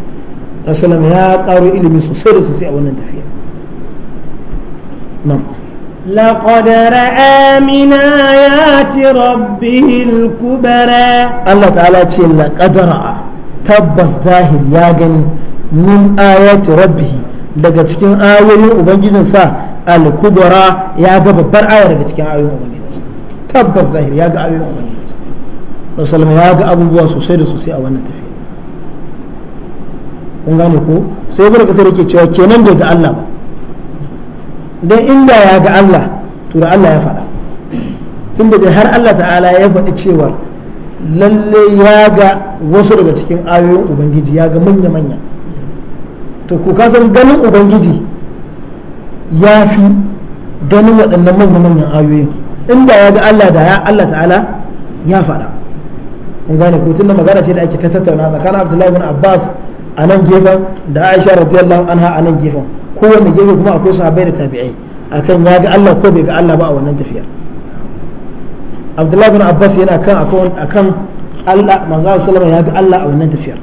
rasulullah ya karo ilimi sosai da sosai a wannan tafiya nan لقد رأى من آيات ربه الكبرى الله تعالى رأى tabbas zahir ya gani min ayati rabbihi daga cikin ayoyin ubangijinsa al-kubra ya ga babbar aya daga cikin ayoyin ubangijinsa tabbas zahir ya ga ayoyin ubangijinsa musulma ya ga abubuwa sosai da sosai a wannan tafiya kun gane ko sai barka sai yake cewa kenan bai ga Allah ba dan inda ya ga Allah to da Allah ya faɗa tunda dai har Allah ta'ala ya faɗi cewar lalle ya ga wasu daga cikin ayoyin ubangiji ya ga manya-manya to ku kasan ganin ubangiji ya fi ganin waɗannan manya-manyan ayoyin inda ya ga allah da ya allah ta'ala ya faɗa in gane ko tunda magana ce da ake ta tattauna tsakanin abdullahi bin abbas a nan gefen da aisha radiyallahu anha a nan gefen kowanne gefe kuma akwai sahabbai da tabi'ai akan ya ga allah ko bai ga allah ba a wannan tafiyar abdullahi bin abbas yana kan akan allah manzo sallama ya ga allah a wannan tafiyar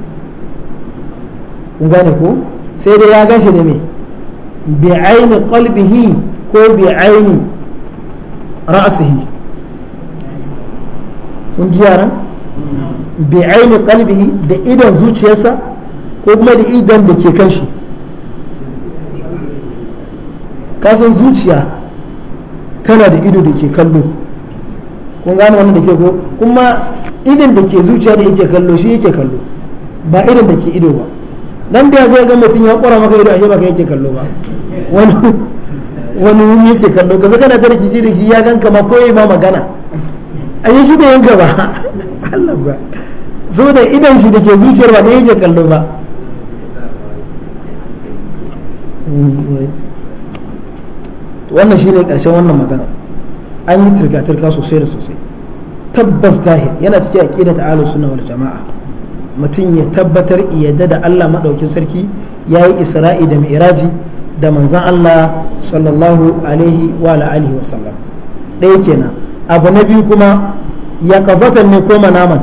kun gane ko sai dai ya gashi da me bi aini qalbihi ko bi aini ra'sihi kun ji yaran bi aini qalbihi da idan zuciyarsa ko kuma da idan da ke kan shi kasan zuciya tana da ido da ke kallo kun gane wannan da ke ko kuma idan da ke zuciya da yake kallo shi yake kallo ba idan da ke ido ba dan da sai ga mutum ya kora maka ido ashe ba ka yake kallo ba wani wani wuri yake kallo kaza kana ta rikici rikici ya ganka ma ko ma magana ayi shi da yanka ba Allah ba da idan shi da ke zuciyar ba ɗaya yake kallo ba mm, mm. wannan shi ne karshen wannan magana an yi turka-turka sosai da sosai tabbas zahir yana cikin aqida ta ahlus sunna wal jama'a mutum ya tabbatar yadda da Allah madaukin sarki yayi isra'i da mi'raji da manzan Allah sallallahu alaihi wa alihi wasallam sallam ɗaya kenan abu na biyu kuma ya kafatan ne ko manaman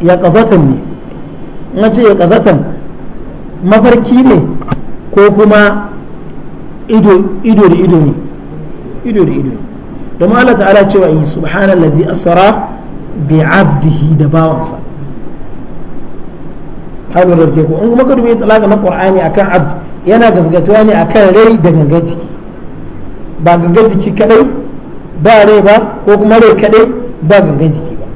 ya kafatan ne na ce ya kazatan mafarki ne ko kuma ido da ido ne ido da ido domin Allah ta'ala cewa yi subhanallazi asara bi abdihi da bawansa hannu da ke ko in kuma ka dubi talaka na qur'ani akan abd yana gasgatuwa ne akan rai da gangar jiki ba gangar jiki kadai ba rai ba ko kuma rai kadai ba gangar jiki ba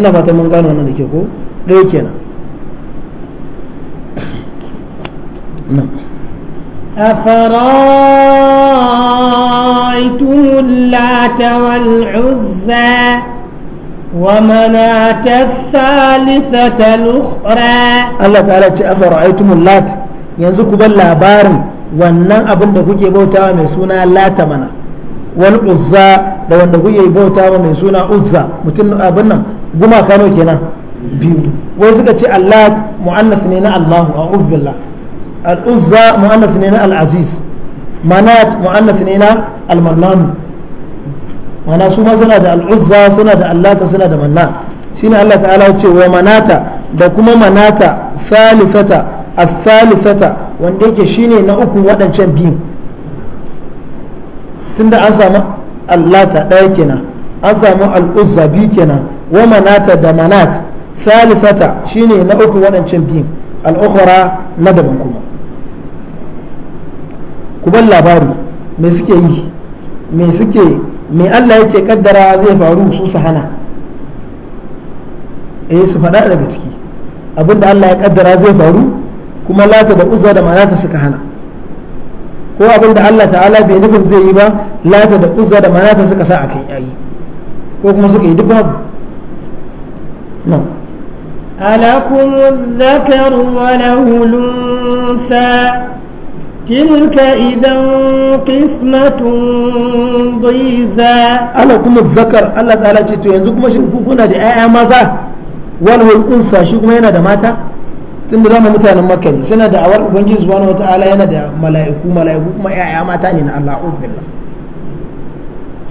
ina fatan mun gano wannan da ke ko rai kenan أفرأيتم اللات والعزى ومناة الثالثة الأخرى الله تعالى أفرأيتم اللات ينزك باللابار wannan abin da kuke bautawa mai suna lata mana wal uzza da wanda kuke bautawa mai suna uzza mutum abin nan gumaka nawa kenan biyu wai suka ce allah mu'annas ne na allahu a'udhu billah al'uzza mu'annas ne na al'aziz manat mu'annas ne na al-mannan mana su ma suna da al'uzza suna da allata suna da manna shine Allah ta'ala ya ce wa manata da kuma manata salisata as-salisata wanda yake shine na uku waɗancan biyu tunda an samu allata ɗaya kenan an samu al'uzza biyu kenan wa manata da manat salisata shine na uku waɗancan biyu al'ukhra na daban kuma ku ban labari me suke yi me suke me Allah yake kaddara zai faru su su hana eh su faɗa daga ciki abinda Allah ya kaddara zai faru kuma lata da uzza da manata suka hana ko abinda Allah ta'ala bai nufin zai yi ba lata da uzza da manata suka sa akan yayi ko kuma suka yi duk babu no ألكم الذكر وله الأنثى تلك إذا قسمة ضيزى أنا كم الذكر الله تعالى جيتو ينزو كما شنكو كنا دي آية مازا وله الأنثى شو كما ينا دماتا tun da dama mutanen makka suna da awar ubangiji subhanahu wataala yana da mala'iku mala'iku kuma ya'ya mata ne na Allah uzbillah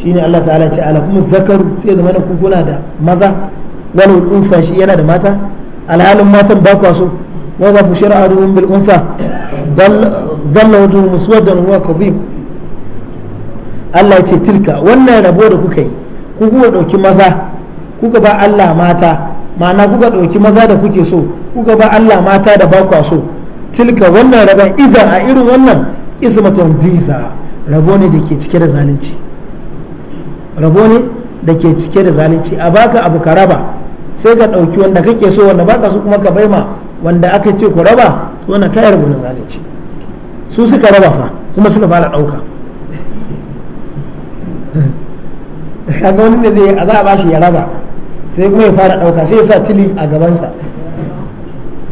shine Allah ta'ala ce ala kuma zakaru sai da mana kuna da maza wani unfa shi yana da mata alhalin matan ba kwa so wa zalla ظل وجهه مسودا وهو كظيم Allah ce tilka wannan rabo da kuka yi kuka ba ɗauki maza kuka ba Allah mata ma'ana kuka ɗauki maza da kuke so kuka ba Allah mata da bakwa so tilka wannan rabon izan a irin wannan ismatan diza rabo ne da ke cike da zalunci rabo ne da ke cike da zalunci a baka abu ka raba sai ka ɗauki wanda kake so wanda baka so kuma ka bai ma wanda aka ce ku raba to wannan kai rabu na zalunci su suka raba fa kuma suka fara ɗauka kaga wani da zai a za a bashi ya raba sai kuma ya fara ɗauka sai ya sa tili a gabansa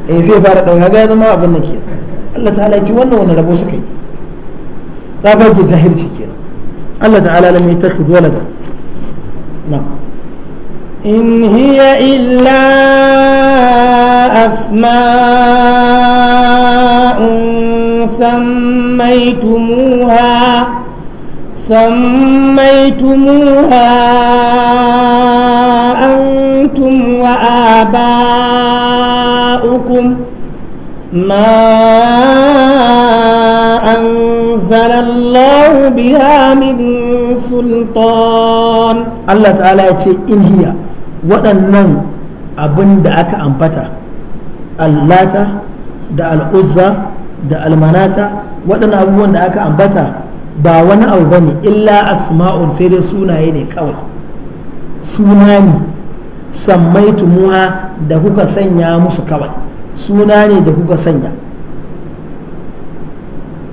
eh sai ya fara ɗauka ga ya zama abin da ke Allah ta'ala ya ce wannan wani rabo suka yi tsabar ke jahilci kenan Allah ta'ala lam yattakhidh da na'am in hiya illa أسماء سميتموها سميتموها أنتم وآباؤكم ما أنزل الله بها من سلطان الله تعالى يقول إن هي waɗannan abin da aka ambata allata da al al'uzza da al-manata waɗannan abubuwan da aka ambata ba wani abu ba ne illa asma'un sai dai sunaye ne kawai suna ne sammaitumuha da kuka sanya musu kawai suna ne da kuka sanya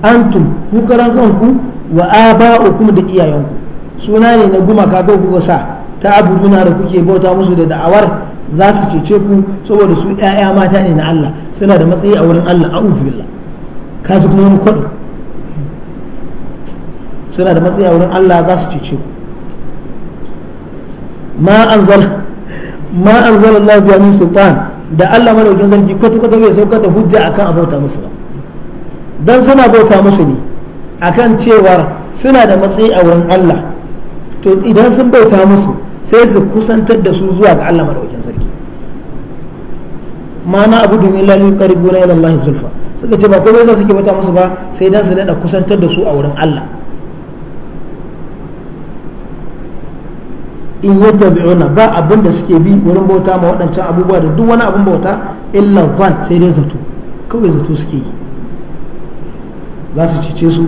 antum ku kanku wa aba'ukum da iyayenku suna ne na gumaka ko kuka sa ta abuduna da kuke bauta musu da da'awar za su cece ku saboda su ‘ya'ya mata ne na Allah suna da matsayi a wurin Allah a billah ka ji kuma wani kwaɗo suna da matsayi a wurin Allah za su cece ku ma an zala Allah biya min sultan da Allah madaukin sarki kwata-kwata bai saukar da hujja akan abauta musu ba don suna bauta musu ne akan cewar suna da matsayi a wurin Allah to idan sun bauta musu sai su kusantar da su zuwa ga Allah madaukin sarki mana abu domin lalu karibu na ilallah zulfa suka ce ba komai za suke bata musu ba sai dan su dada kusantar da su a wurin Allah in yattabi'una ba abin da suke bi wurin bauta ma waɗancan abubuwa da duk wani abin bauta illa van sai dai zato kawai zato suke yi za su cece su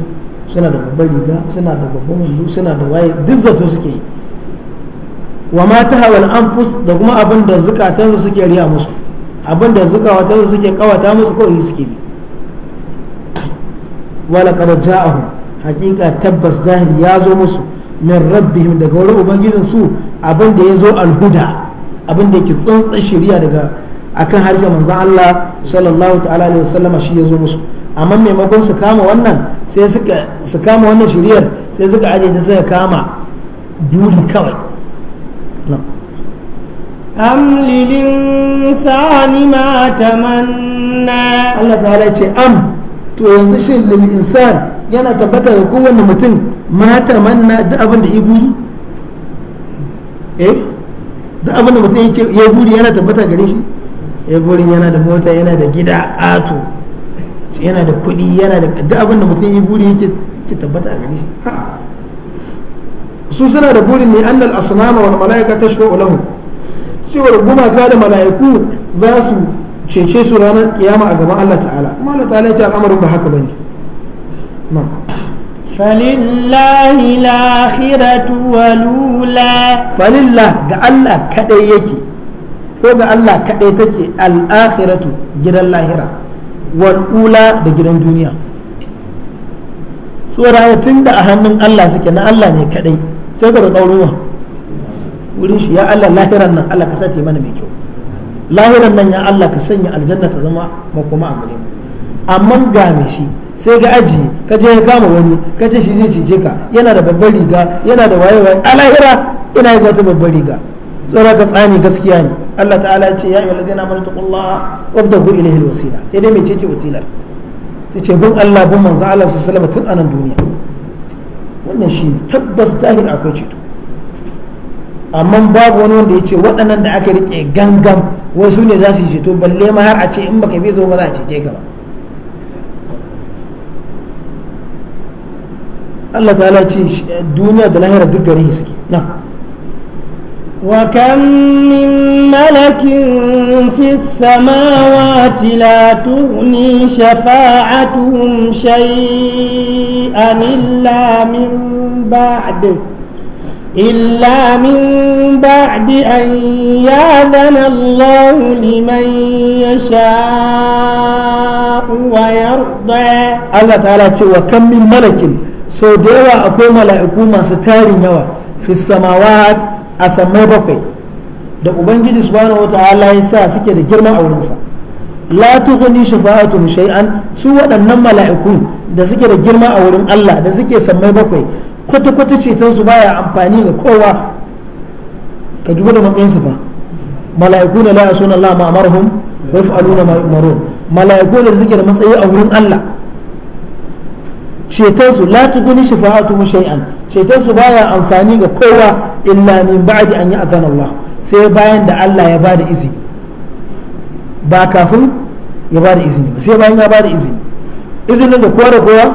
suna da babban riga suna da babban wando suna da waye duk zato suke yi wa ma tahawal anfus da kuma abin da zukatansu suke riya musu abin da zukatansu suke kawata musu ko suke bi wala qad ja'ahum haqiqa tabbas zahiri ya zo musu min rabbihim daga wurin ubangijin su abin da ya zo alhuda abin da yake tsantsa shari'a daga akan harshen manzon Allah sallallahu ta'ala alaihi wasallama shi ya zo musu amma maimakon su kama wannan sai suka su kama wannan shari'ar sai suka aje ta suka kama buri kawai am lilin sani ma tamanna Allah Ta ta'ala ce am to yanzu shi lil insan yana tabbata ga kowane mutum ma tamanna da abin da ya buri eh da abin da mutum yake ya buri yana tabbata gare shi ya burin yana da mota yana da gida ato yana da kuɗi yana da duk abin da mutum ya buri yake tabbata a gare shi su suna da burin ne annal asnama wal malaika tashfa'u lahum cewar gumata da mala'iku za su cece su ranar kiyama a gaban Allah ta'ala kuma Allah ta'ala ya ce al'amarin ba haka bane na falillahi lakhiratu walula falillah ga Allah kadai yake ko ga Allah kadai take al-akhiratu gidan lahira wal ula da gidan duniya tsoraya tun da a hannun Allah suke na Allah ne kadai sai ka da ruwa wurin shi ya Allah lahiran nan Allah ka sa mana mai kyau lahiran nan ya Allah ka sanya aljanna ta zama makoma a gare mu amma ga me shi sai ga aji ka je ya kama wani ka ce shi zai cije ka yana da babbar riga yana da waye waye a lahira ina yi wata babbar riga tsoron ka tsani gaskiya ne Allah ta'ala ya ce ya yi walazina mana taqullaha wabdahu ilayhi alwasila sai dai mecece wasilar ta ce bin Allah bin manzo Allah su salama tun anan duniya wannan shi tabbas tahir akwai ceto amma babu wani wanda ya ce waɗannan da aka riƙe gangan wasu ne za su yi ceto balle ma har a ce in baka bi zo ba za a cece ka ba Allah ta'ala ce duniya da lahira duk gare suke na وكم من ملك في السماوات لا تغني شفاعتهم شيئا إلا من بعد إلا من بعد أن يأذن الله لمن يشاء ويرضى الله تعالى وكم من ملك سو ديوا أكو ستاري نوا في السماوات أسمي بقي da ubangiji subhanahu wataala ya sa suke da girman aurensa la tughni shafa'atun shay'an su waɗannan mala'iku da suke da girma a wurin Allah da suke sammai bakwai kwata-kwata cetonsu baya amfani ga kowa ka duba da matsayinsa fa mala'iku na la'a sunan Allah ma'amarhum bai fi al'una maro. mala'iku da suke da matsayi a wurin Allah cetonsu la tuguni shafa'atuhum shay'an cetonsu baya amfani ga kowa illa min ba'di an yi azan Allah sai bayan da Allah ya bada izini ba kafin ya bada izini ba sai bayan ya bada izini izinin da kowa da kowa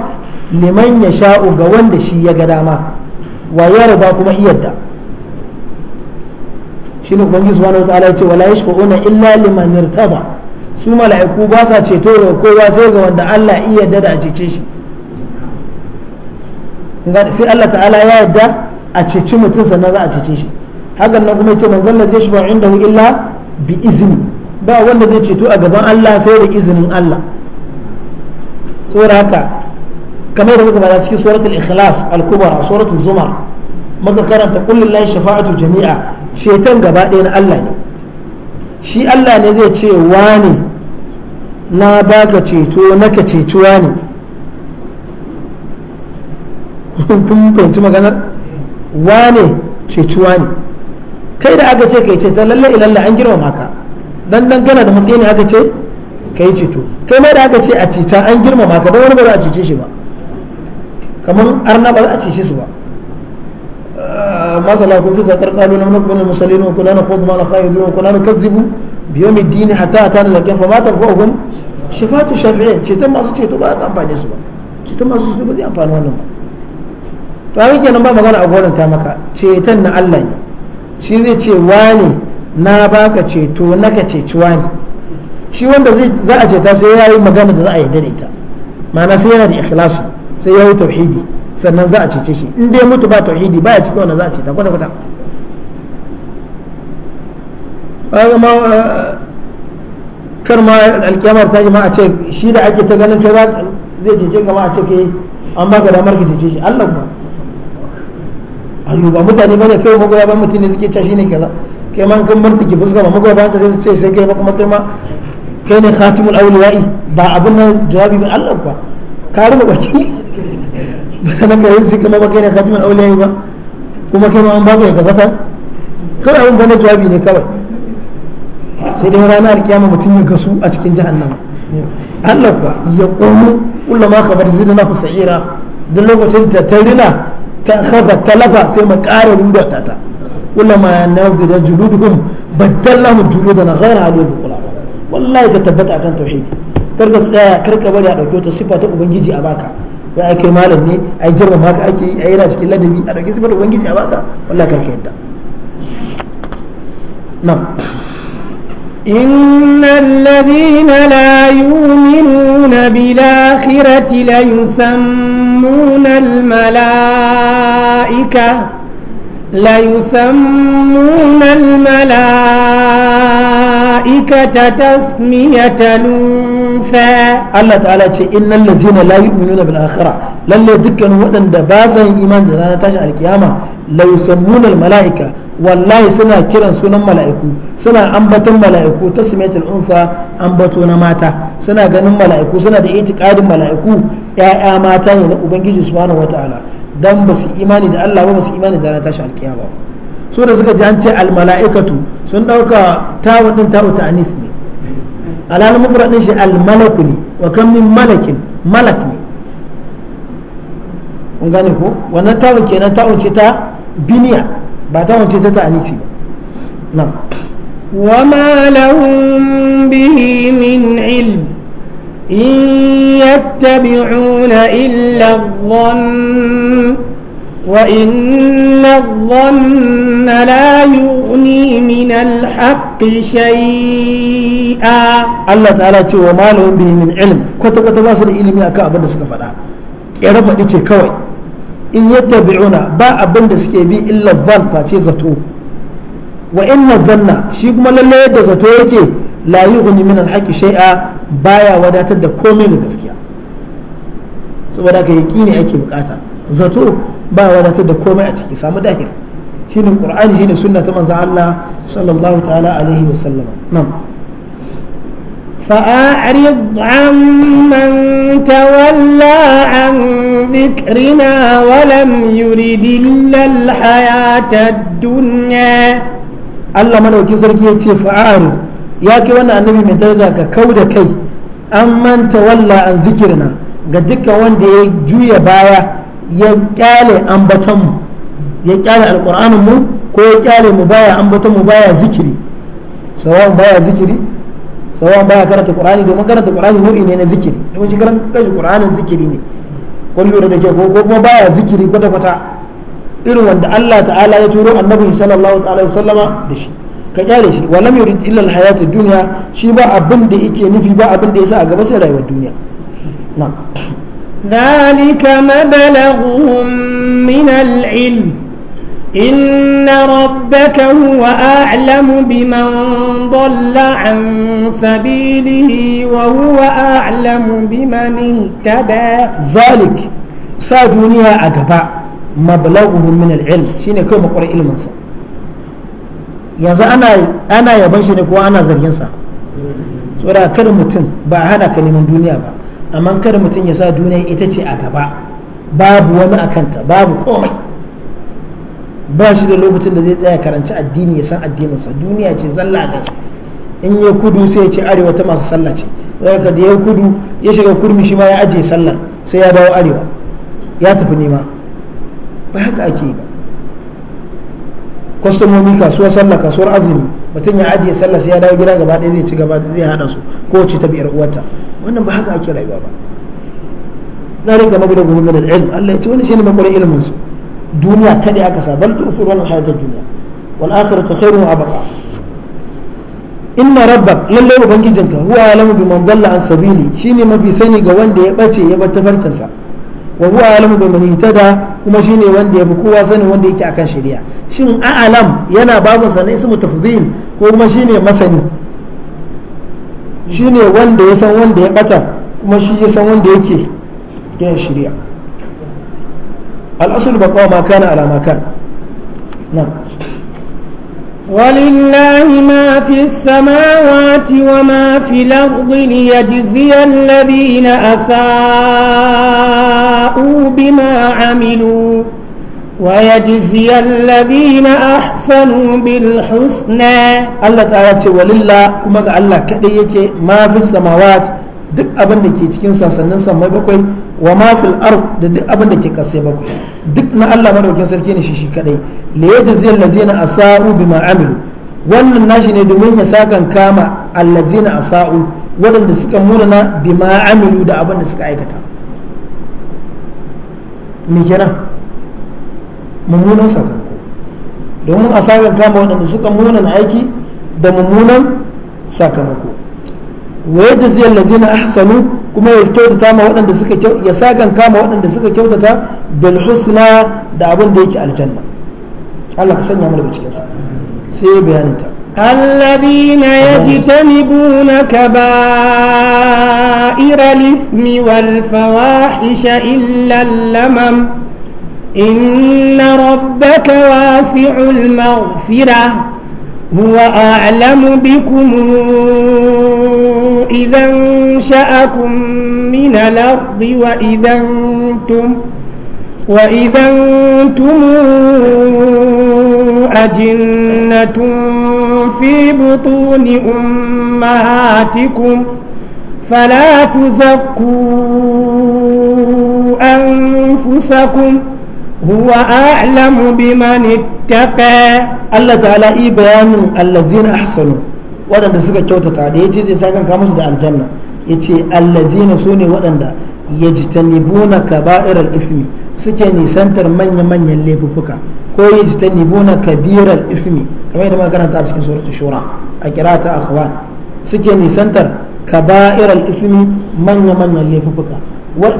liman ya sha'u ga wanda shi ya ga dama wa ya rada kuma iyadda ne ubangiji subhanahu wataala yace wala yashfa'una illa liman irtada su mala'iku ba sa ceto ga kowa sai ga wanda Allah iyadda da a cece shi sai Allah ta'ala ya yadda a cece mutum sannan za a cece shi hakan nan kuma yace man zalla yashfa'u indahu illa bi izni ba wanda zai ceto a gaban Allah sai da izinin Allah saboda haka kamar da muka bada cikin suratul ikhlas al-kubra suratul zumar muka karanta kullu lillahi shafa'atu jami'a shaitan gaba ɗaya na Allah ne shi Allah ne zai ce wani na baka ceto naka cetuwa ne kun fahimci maganar wane cetuwa ne kai da aka ce kai ceto lalle ilalle an girma maka dan gana da matsayi ne aka ce kai ceto kai ma da aka ce a cita an girma maka don wani ba za a cece shi ba kamar arna ba za a cece su ba ما سلككم في سقر قالوا لم نكن المصلين وكنا نخوض مع الخائضين وكنا نكذب بيوم الدين حتى أتانا اليقين فما تنفعهم شفاعة shafi'in شيطان masu ceto ba ta amfani su ba شيطان masu سوى ba zai amfani wannan ba to a yake nan ba magana a gonan ta maka ceton na Allah ne shi zai ce wani na baka ceto naka ceci wani shi wanda za a ceta sai ya yi magana da za a yarda ta mana ma'ana sai yana da ikhlasi sai ya yi tauhidi sannan za a cece shi in dai mutu ba tauhidi ba ya cikin wannan za a ceta kwata kwata eh, kar ma alkiyamar ta ma a ce shi da ake ta ganin kai zai cece kama a ce ke an baka damar ka cece shi Allah kuma ba mutane bane kai suke kaza kai man kan ki fuska ba ka sai su ce sai kai ba kuma kai ma kai ne khatimul awliya'i ba abin nan jawabi ba Allah kuwa ka rubuta baki ba ka baka yin kuma baka yana khatimin auliyayi ba kuma kai ma an baka ya kasata kawai abin bane jawabi ne kawai sai dai rana alkiyama mutum ya gasu a cikin jahannama Allah ba ya komo kullum ma khabar na ku sa'ira duk lokacin da ta rina ta khabar talaba sai mu ƙara ruda ta ta kullum ma nawdu da juludukum badalla mu juludan ghaira alayhi qulaba wallahi ka tabbata akan tauhid karka tsaya karka bari a dauke ta sifa ta ubangiji a baka ya ake malam ne ai girmama ka ake yi ai yana cikin ladabi a dauke sifar ubangiji a baka wallahi karka yadda nan إن الذين لا يؤمنون بالآخرة ليسمون الملائكة ليسمون الملائكة تسمية نور fa Allah ta'ala ce innal ladhina la yu'minuna bil akhirah lalle dukkan wadanda ba san iman da rana tashi alkiyama la yusammuna al wallahi suna kiran sunan malaiku suna ambaton malaiku tasmiyat al unfa ambato na mata suna ganin malaiku suna da itiqadin malaiku ya'ya mata ne na ubangiji subhanahu wata'ala dan ba su imani da Allah ba ba su imani da rana tashi alkiyama so da suka ji an ce al malaikatu sun ɗauka tawadin ɗin anis ne alal mufrad din shi al malaku ne wa kam min malakin malak ne kun gane ko wannan tawon kenan tawon ce ta biniya ba tawon ce ta ta'anisi ba wa وما لهم به من علم إن يتبعون illa الظن وإن الظن لا يغني من الحق شيئا الله تعالى ce wa malamin bihi min ilm kwata kwata ba su da ilimi akan abin da suka faɗa ƙera faɗi ce kawai in yattabi'una ba abin da suke bi illa zan face zato wa inna zanna shi kuma lalle yadda zato yake la yughni min al-haqqi shay'a baya wadatar da komai da gaskiya saboda ka yaqini ake bukata zato ba wadatar da komai a ciki samu dahir shine qur'ani shine sunna ta manzon Allah sallallahu ta'ala alaihi wa sallama nam فأعرض عمن تولى عن ذكرنا ولم يرد إلا الحياة الدنيا الله من وكي سركي يتشي فأعرض ياكي وانا النبي من تلدك كود كي أمن تولى عن ذكرنا قد دكا وان دي جوية بايا ya kyale ambatonmu ya kyale alƙur'anin mu ko ya kyale mu baya ambaton mu baya zikiri sawan baya zikiri sawan baya karanta qur'ani domin karanta qur'ani nau'i ne na zikiri domin shi karanta shi qur'anin zikiri ne kun lura da ke ko kuma baya zikiri kwata kwata irin wanda Allah ta'ala ya turo annabi sallallahu alaihi wasallama da shi ka kyale shi wa lam yurid illa alhayatid dunya shi ba abin da yake nufi ba abin da yasa a gaba sai rayuwar duniya na'am ذلك مبلغهم من العلم إن ربك هو أعلم بمن ضل عن سبيله وهو أعلم بمن اهتدى ذلك sa duniya a gaba mablaghuhum min ilm shine kai makwarar ilmin sa yanzu ana ana shi ne ko ana zargin sa saboda kada mutum ba haɗa ka neman duniya ba amma kada mutum ya sa duniya ita ce a gaba babu wani a kanta babu komai ba shi da lokacin da zai tsaya karanci addini ya san addininsa duniya ce zalla da in ya kudu sai ya ce arewa ta masu sallah ce zaka da ya kudu ya shiga kurmi shi ma ya ajiye sallar sai ya dawo arewa ya tafi nema ba haka ake yi ba kwastomomi kasuwar sallah kasuwar azumi mutum ya ajiye sallah sai ya dawo gida gaba ɗaya zai ci gaba zai hada su kowace ta biyar uwarta wannan ba haka ake rayuwa ba na zalika mablagu min da ilm Allah ya ce wannan shine mablagu ilmin su duniya kada aka sa bal tu'thiruna al-hayata ad-dunya wal akhiratu khairun wa abqa inna rabbak lalle ubangijinka huwa bi biman dalla an sabili shine mafi sani ga wanda ya bace ya bar tafarkinsa wa huwa bi biman ihtada kuma shine wanda ya fi kowa sanin wanda yake akan shari'a shin a'lam yana babu sanin ismu tafdhil ko kuma ne masani shi ne wanda ya san wanda ya bata kuma shi ya san wanda yake yin shirya al'asul baqawa ma kana ala ma kana na'am ولله ما في السماوات وما في الأرض ليجزي الذين أساءوا بما عملوا ويجزي الذين أحسنوا بالحسنى الله تعالى ولله كما قال الله كديك ما في السماوات duk abin da ke cikin sassanin samai bakwai wa ma fil ard da duk abin da ke kasai bakwai duk na Allah madaukakin sarki ne shi shi kadai li yajzi alladhina asa'u bima amilu wannan nashi ne domin ya sakan kama alladhina asa'u waɗanda suka munana bima amilu da abin da suka aikata me kenan mummunan sakamako domin a saka gama waɗanda suka munan aiki da mummunan sakamako wa ya jaziyar lazina ahsanu kuma ya kyautata ma waɗanda suka ya sakan kama waɗanda suka kyautata bil husna da abin da yake aljanna Allah ka sanya mu daga cikinsa sai ya bayanin ta الذين يجتنبون كبائر الإثم والفواحش إلا اللمم إن ربك واسع المغفرة هو أعلم بكم إذا انشأكم من الأرض وإذا أنتم وإذا أنتم أجنة في بطون أمهاتكم فلا تزكوا أنفسكم ۖ huwa a'lamu biman ittaqa Allah ta'ala i bayanin allazina ahsanu waɗanda suka kyautata da yace zai saka ka da aljanna yace allazina sune waɗanda yajtanibuna kaba'iral ismi suke nisantar manya-manyan laifuka ko yajtanibuna kabiral ismi kamar yadda makaranta a cikin suratul shura a kirata akhwan suke nisantar kaba'iral ismi manya-manyan laifuka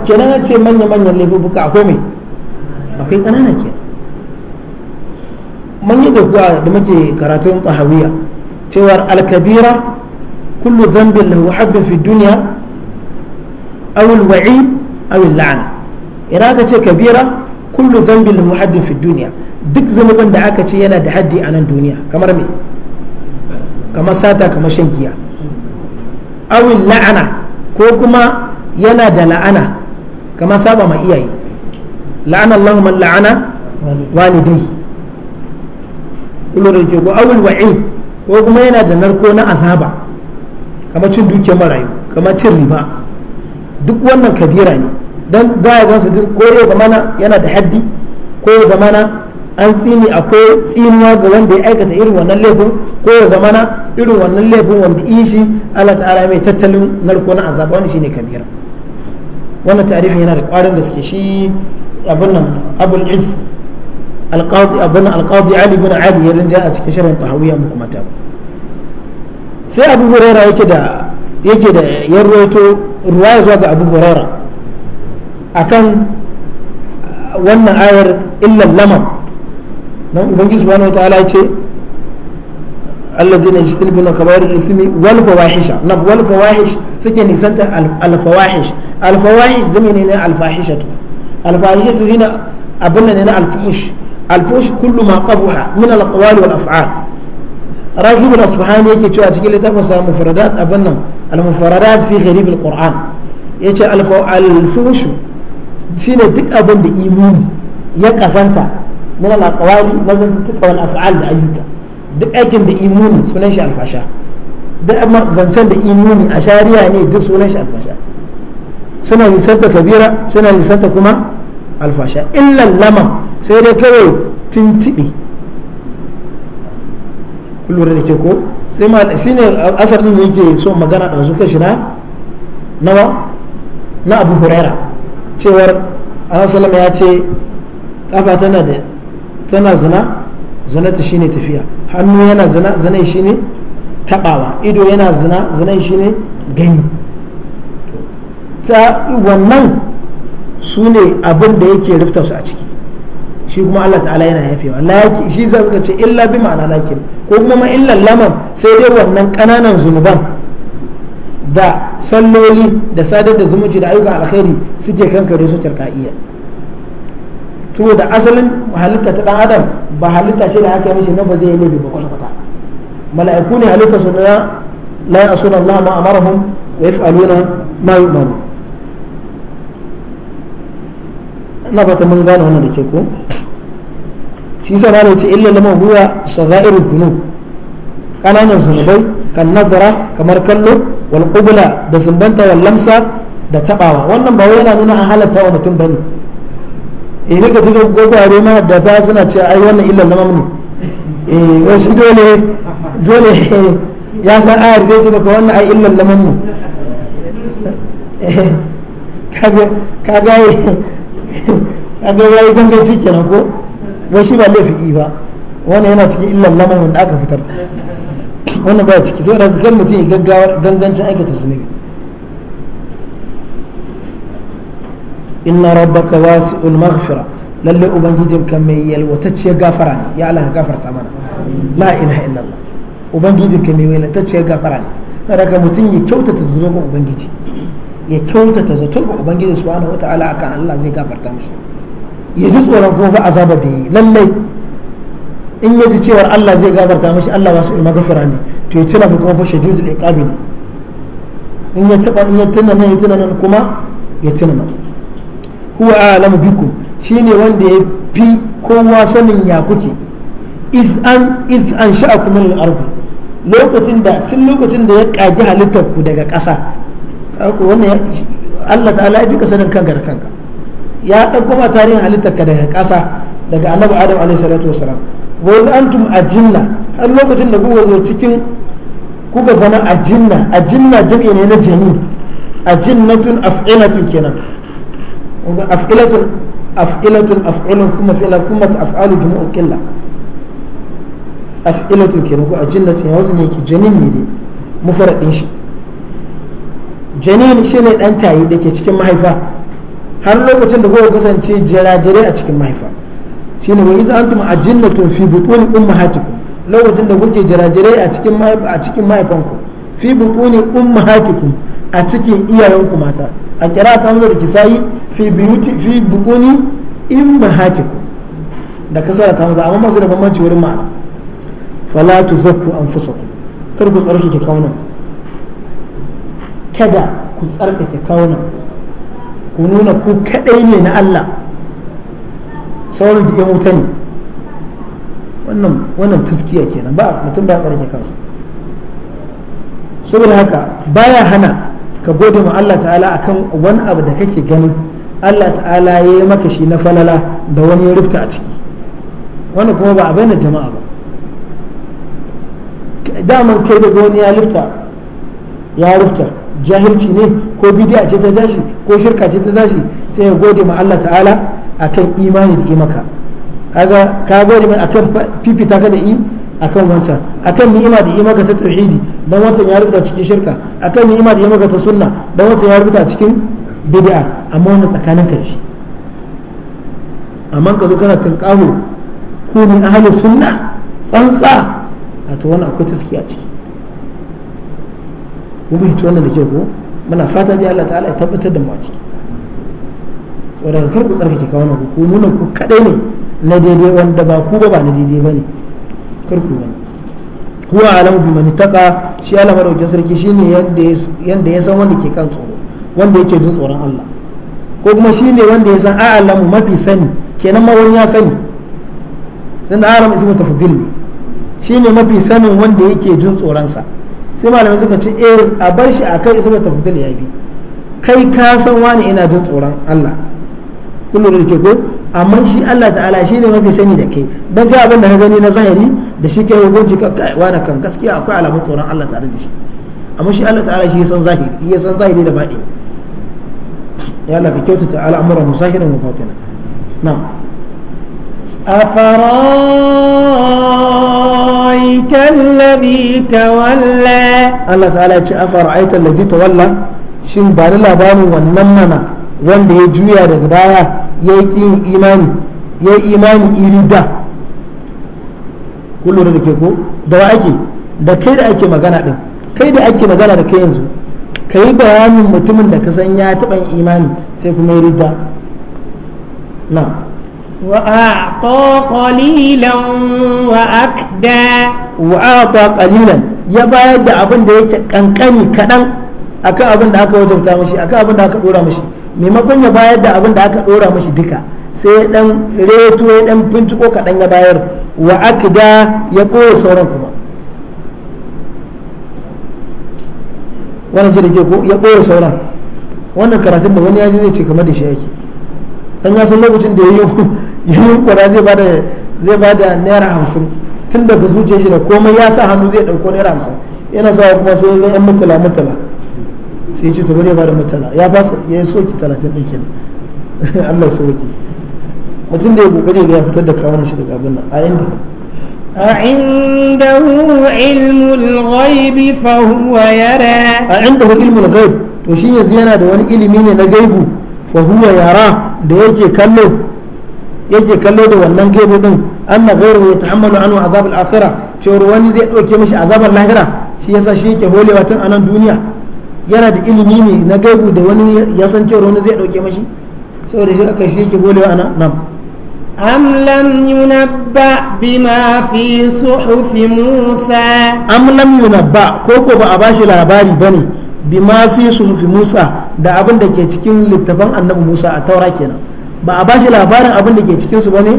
kenan ce manya-manyan laifuka akwai mai akwai ƙanana ke man yi gafuwa da muke karatun tsahawiya cewar alkabira kullu zambin lahu habbin fi duniya awul wa'i awul la'ana idan aka ce kabira kullu zambin lahu haddin fi duniya duk zunubin da aka ce yana da haddi a nan duniya kamar me kamar sata kamar shan giya awul la'ana ko kuma yana da la'ana kamar saba ma iyaye la'anan Allah man la'ana walidai kullum da ke ko awul wa'id ko kuma yana da narko na azaba kamar cin dukiyar marayu kamar cin riba duk wannan kabira ne don za a gansu ko ya mana yana da haddi ko ya mana an tsini akwai tsinuwa ga wanda ya aikata irin wannan laifin ko ya zamana irin wannan laifin wanda ishi Allah ta'ala mai tattalin narko na azaba wannan shine kabira wannan ta'arifin yana da kwarin gaske shi abin nan abul is alqadi abin alqadi ali bin ali ya rinja a cikin sharhin tahawiyya muku sai abu huraira yake da yake da ya ruwaito ruwaya zuwa ga abu huraira akan uh, wannan ayar illan laman nan ubangiji subhanahu wataala ya ce alladhina yajtanibuna kaba'ir al-ithmi wal fawahish nan wal fawahish suke nisanta al fawahish al fawahish zamani ne al fahishatu alfahishatu hina abin ne na alfuhush alfuhush kullu ma qabuha min alqawali wal af'al rahib al-asbahani yake cewa cikin littafin sa mufradat abin nan al-mufradat fi gharib al-qur'an yace alfuhush shine duk abin da ya min da duk aikin da imuni sunan shi alfasha duk zancen da imuni a shari'a ne duk sunan shi alfasha suna nisanta kabira suna nisanta kuma alfasha illan lama sai dai kawai tintibi kullum da ke ko sai ma shi ne asar din yake so magana da zuka shi na nawa na abu huraira cewar salama ya ce kafa tana da tana zina zinata shine tafiya hannu yana zina zinai shine tabawa ido yana zina zinai shine gani ta wannan su ne abin da yake rufta su a ciki shi kuma Allah ta'ala yana yafewa laki shi za su ce illa bi ma'ana lakin ko kuma ma illa laman sai dai wannan kananan zunuban da salloli da sadar da zumunci da ayyuka alkhairi suke kankare su tarka'iyya to da asalin halitta ta dan adam ba halitta ce da aka mishi na ba zai yi laifi ba kwata mala'iku ne halitta su na la yasuna Allah ma amarahum wa yaf'aluna ma umaru. ina fata mun gane wannan da ke ko shi sa malai ce illa lama huwa sagairu dhunub kananan zunubai kan nazara kamar kallo wal qubla da zumbanta wal lamsa da tabawa wannan ba wai yana nuna an halatta wa mutum bane eh daga cikin gogware ma da ta suna ce ai wannan illa lamar ne eh shi dole dole ya san ayar zai ji maka wannan ai illa lama ne kage eh, kage kaga yayi ganganci kenan ko wai shi ba laifi ba wani yana cikin illan lamarin wanda aka fitar wannan ba ciki saboda ka kan mutum ya gaggawar gangancin aikata zunubi inna rabbaka wasi'ul maghfira lalle ubangijinka mai yalwatacce gafara ne ya Allah gafarta mana la ilaha illallah ubangijinka mai yalwatacce gafara ne saboda ka mutum ya kyautata zunubin ubangiji ya kyautata zato ga ubangiji subhanahu wata'ala akan Allah zai gafarta mishi ya ji tsoron kuma ba azaba da yi lallai in ya ji cewar Allah zai gafarta mishi Allah ba su ilma gafara ne to ya tuna kuma fa da iqabi ne in ya taba in ya tuna nan ya tuna nan kuma ya tuna nan huwa a'lamu bikum shine wanda ya fi kowa sanin ya kuke if an sha'a an sha'akum min al-ardh lokacin da tun lokacin da ya kaji halittar ku daga ƙasa wannan Allah ta'ala ya fi ka sanin kanka da kanka ya ɗauko ma tarihin halittarka daga ƙasa daga annabi adam alaihi salatu wasalam wa a antum ajinna har lokacin da kuka zo cikin kuka zama ajinna ajinna jami'i ne na jinna ajinnatun af'ilatun kenan af'ilatun af'ilatun af'ulun kuma fi'la kuma ta'afalu jumu'u killa af'ilatun kenan ko ajinnatun ya wazo ne ki janin ne dai mufaradin shi janin shi ne ɗan tayi da ke cikin mahaifa har lokacin da kuka kasance jirajire a cikin mahaifa shi shine wa idza antum ajinnatun fi butuni ummahatikum lokacin da kuke jirajire a cikin a cikin mahaifanku fi butuni ummahatikum a cikin iyayenku mata a kira ta hanzar da kisayi fi biyuti fi butuni ummahatikum da kasar ta hanzar amma masu su da bambanci wurin ma'ana fala tuzakku anfusakum kar ku tsarkake kaunan kada ku tsarkake kaunan ku nuna ku kadai ne na Allah sauran da yan wuta ne wannan taskiya kenan ba mutum ba tsarkake kansa saboda haka baya hana ka gode ma Allah ta'ala akan wani abu da kake ganin Allah ta'ala ya yi maka shi na falala da wani ya rufta a ciki wani kuma ba abin da jama'a ba daman kai daga wani ya rufta ya rufta jahilci ne ko bidiya ce ta jashi ko shirka ce ta jashi sai ya gode ma Allah ta'ala akan imani da imaka kaga ka gode mai akan fifita ka da i akan wancan akan ni'ima da imaka ta tauhidi dan wancan ya rubuta cikin shirka akan ni'ima da imaka ta sunna dan wancan ya rubuta cikin bid'a amma wannan tsakanin ka ce amma ka zo kana tunkaho ku ne ahli sunna tsantsa a to wannan akwai taskiya ciki kun fahimci wannan da ke ko muna fata ji Allah ta'ala ya tabbatar da mu a ciki saboda kar ku tsarkake kawo ku ku nuna ku kadai ne na daidai wanda ba ku ba ba na daidai bane kar ku wani huwa alamu bi man taqa shi Allah madaukin sarki shine yanda yanda ya san wanda ke kan tsoro wanda yake jin tsoron Allah ko kuma shine wanda ya san a'lamu mafi sani kenan ma wani ya sani dan a'lamu ismu tafdil ne shine mafi sanin wanda yake jin tsoron sa sai malamai suka ce eh a bar shi a kai isma tafi ya bi kai ka san wani ina jin tsoron Allah kullum da ke ko amma shi Allah ta'ala shi ne mafi sani da kai don ga abin da ka gani na zahiri da shi kai hukunci ka wani kan gaskiya akwai alamun tsoron Allah tare da shi amma shi Allah ta'ala shi san zahiri ya san zahiri da baɗi ya Allah ka kyautata al'amuran musahirin wa batina a fara. أفرأيت الذي تولى الله تعالى أفرأيت الذي تولى شن بار لبان ونمنا wanda ya juya daga baya ya yi imani ya iri da kullum da ke ko da wa ake da kai da ake magana magana da kai yanzu ka yi bayanin mutumin da ka san ya taɓa imani sai kuma وأعطى قليلا وأكدى وأعطى قليلا يا بايد أبن ديك كنكني كدن أكا أبن داك وجبتا مشي أكا أبن داك دورا مشي kun ya bayar da abin da aka dora mashi duka sai dan reto ya dan binciko kaɗan ya bayar wa akida ya ɓoye sauran kuma wannan ce da ke ko ya ɓoye sauran wannan karatun da wani yaji zai ce kamar da shi yake dan ya san lokacin da ya yi ya yunkura zai bada zai bada naira hamsin tun da ka zuciya shi da komai ya sa hannu zai ɗauko naira hamsin yana sa kuma sai ya yan mutala mutala sai ce to bari ba da mutala ya ba ya soki talatin ɗin kenan Allah ya soki mutum da ya kokari ga ya fitar da kawunan shi daga abin nan a inda أعنده علم الغيب فهو يرى أعنده علم الغيب to shi yanzu yana da wani ilimi ne na gaibu fa yara da yake kallo yake kallo da wannan gebe din anna ghayru yatahammalu anhu azab al-akhirah to wani zai dauke mishi al lahira shi yasa shi yake holewa tun anan duniya yana da ilimi ne na gaibu da wani ya san cewa wani zai dauke mishi saboda shi aka shi yake holewa anan nan am lam yunabba bima fi suhufi musa am lam yunabba ko ko ba a bashi labari bane bima fi suhufi musa da abin da ke cikin littafan annabi musa a taura kenan ba a bashi labarin abin da ke cikin su bane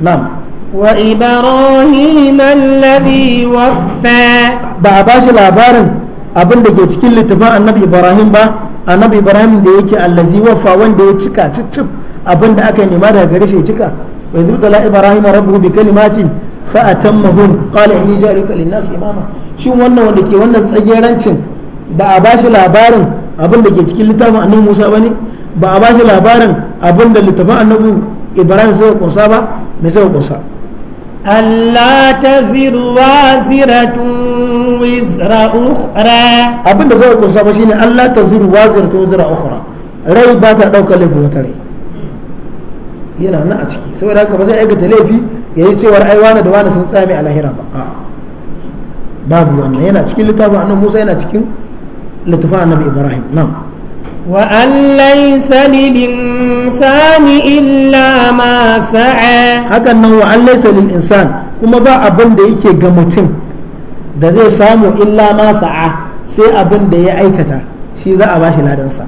nam wa ibrahim alladhi waffa ba a bashi labarin abin da ke cikin littafin annabi ibrahim ba annabi ibrahim da yake allazi wafa wanda ya cika cicif abin da aka nema daga gare shi cika wa yanzu da ibrahim rabbuhu bi kalimatin fa atammahum qala inni ja'aluka lin-nas imama shin wannan wanda ke wannan tsagerancin ba a bashi labarin abin da ke cikin littafin annabi musa bane ba a ba shi labarin abin da littafin annabi ibrahim suka kunsa ba mai suka kunsa Allah ta zirwa ziratun wizra ukhra abin da suka kunsa ba shine Allah ta zirwa ziratun wizra ukhra rai ba ta daukar laifin wata rai yana nan a ciki saboda haka ba zai aikata laifi ya yi cewar ai wani da wani sun tsami a lahira ba babu wannan yana cikin littafin annabi musa yana cikin littafin annabi ibrahim nan وأن ليس للإنسان إلا ما سعى هكذا وأن ليس للإنسان كما با أبن دي إيكي غمتين da zai samu illa ma sa'a sai abin da ya aikata shi za a ba shi ladansa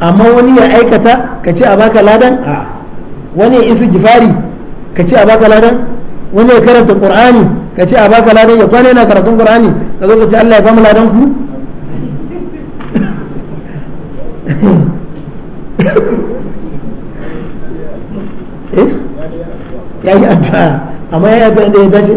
amma wani ya aikata ka ce a baka ladan a wani ya isu gifari ka ce a baka ladan wani ya karanta qur'ani ka ce a baka ladan ya yana karatun qur'ani ka ce Allah ya ba ladan ku Eh? ya yi addu'a amma ya yi abin da ya dace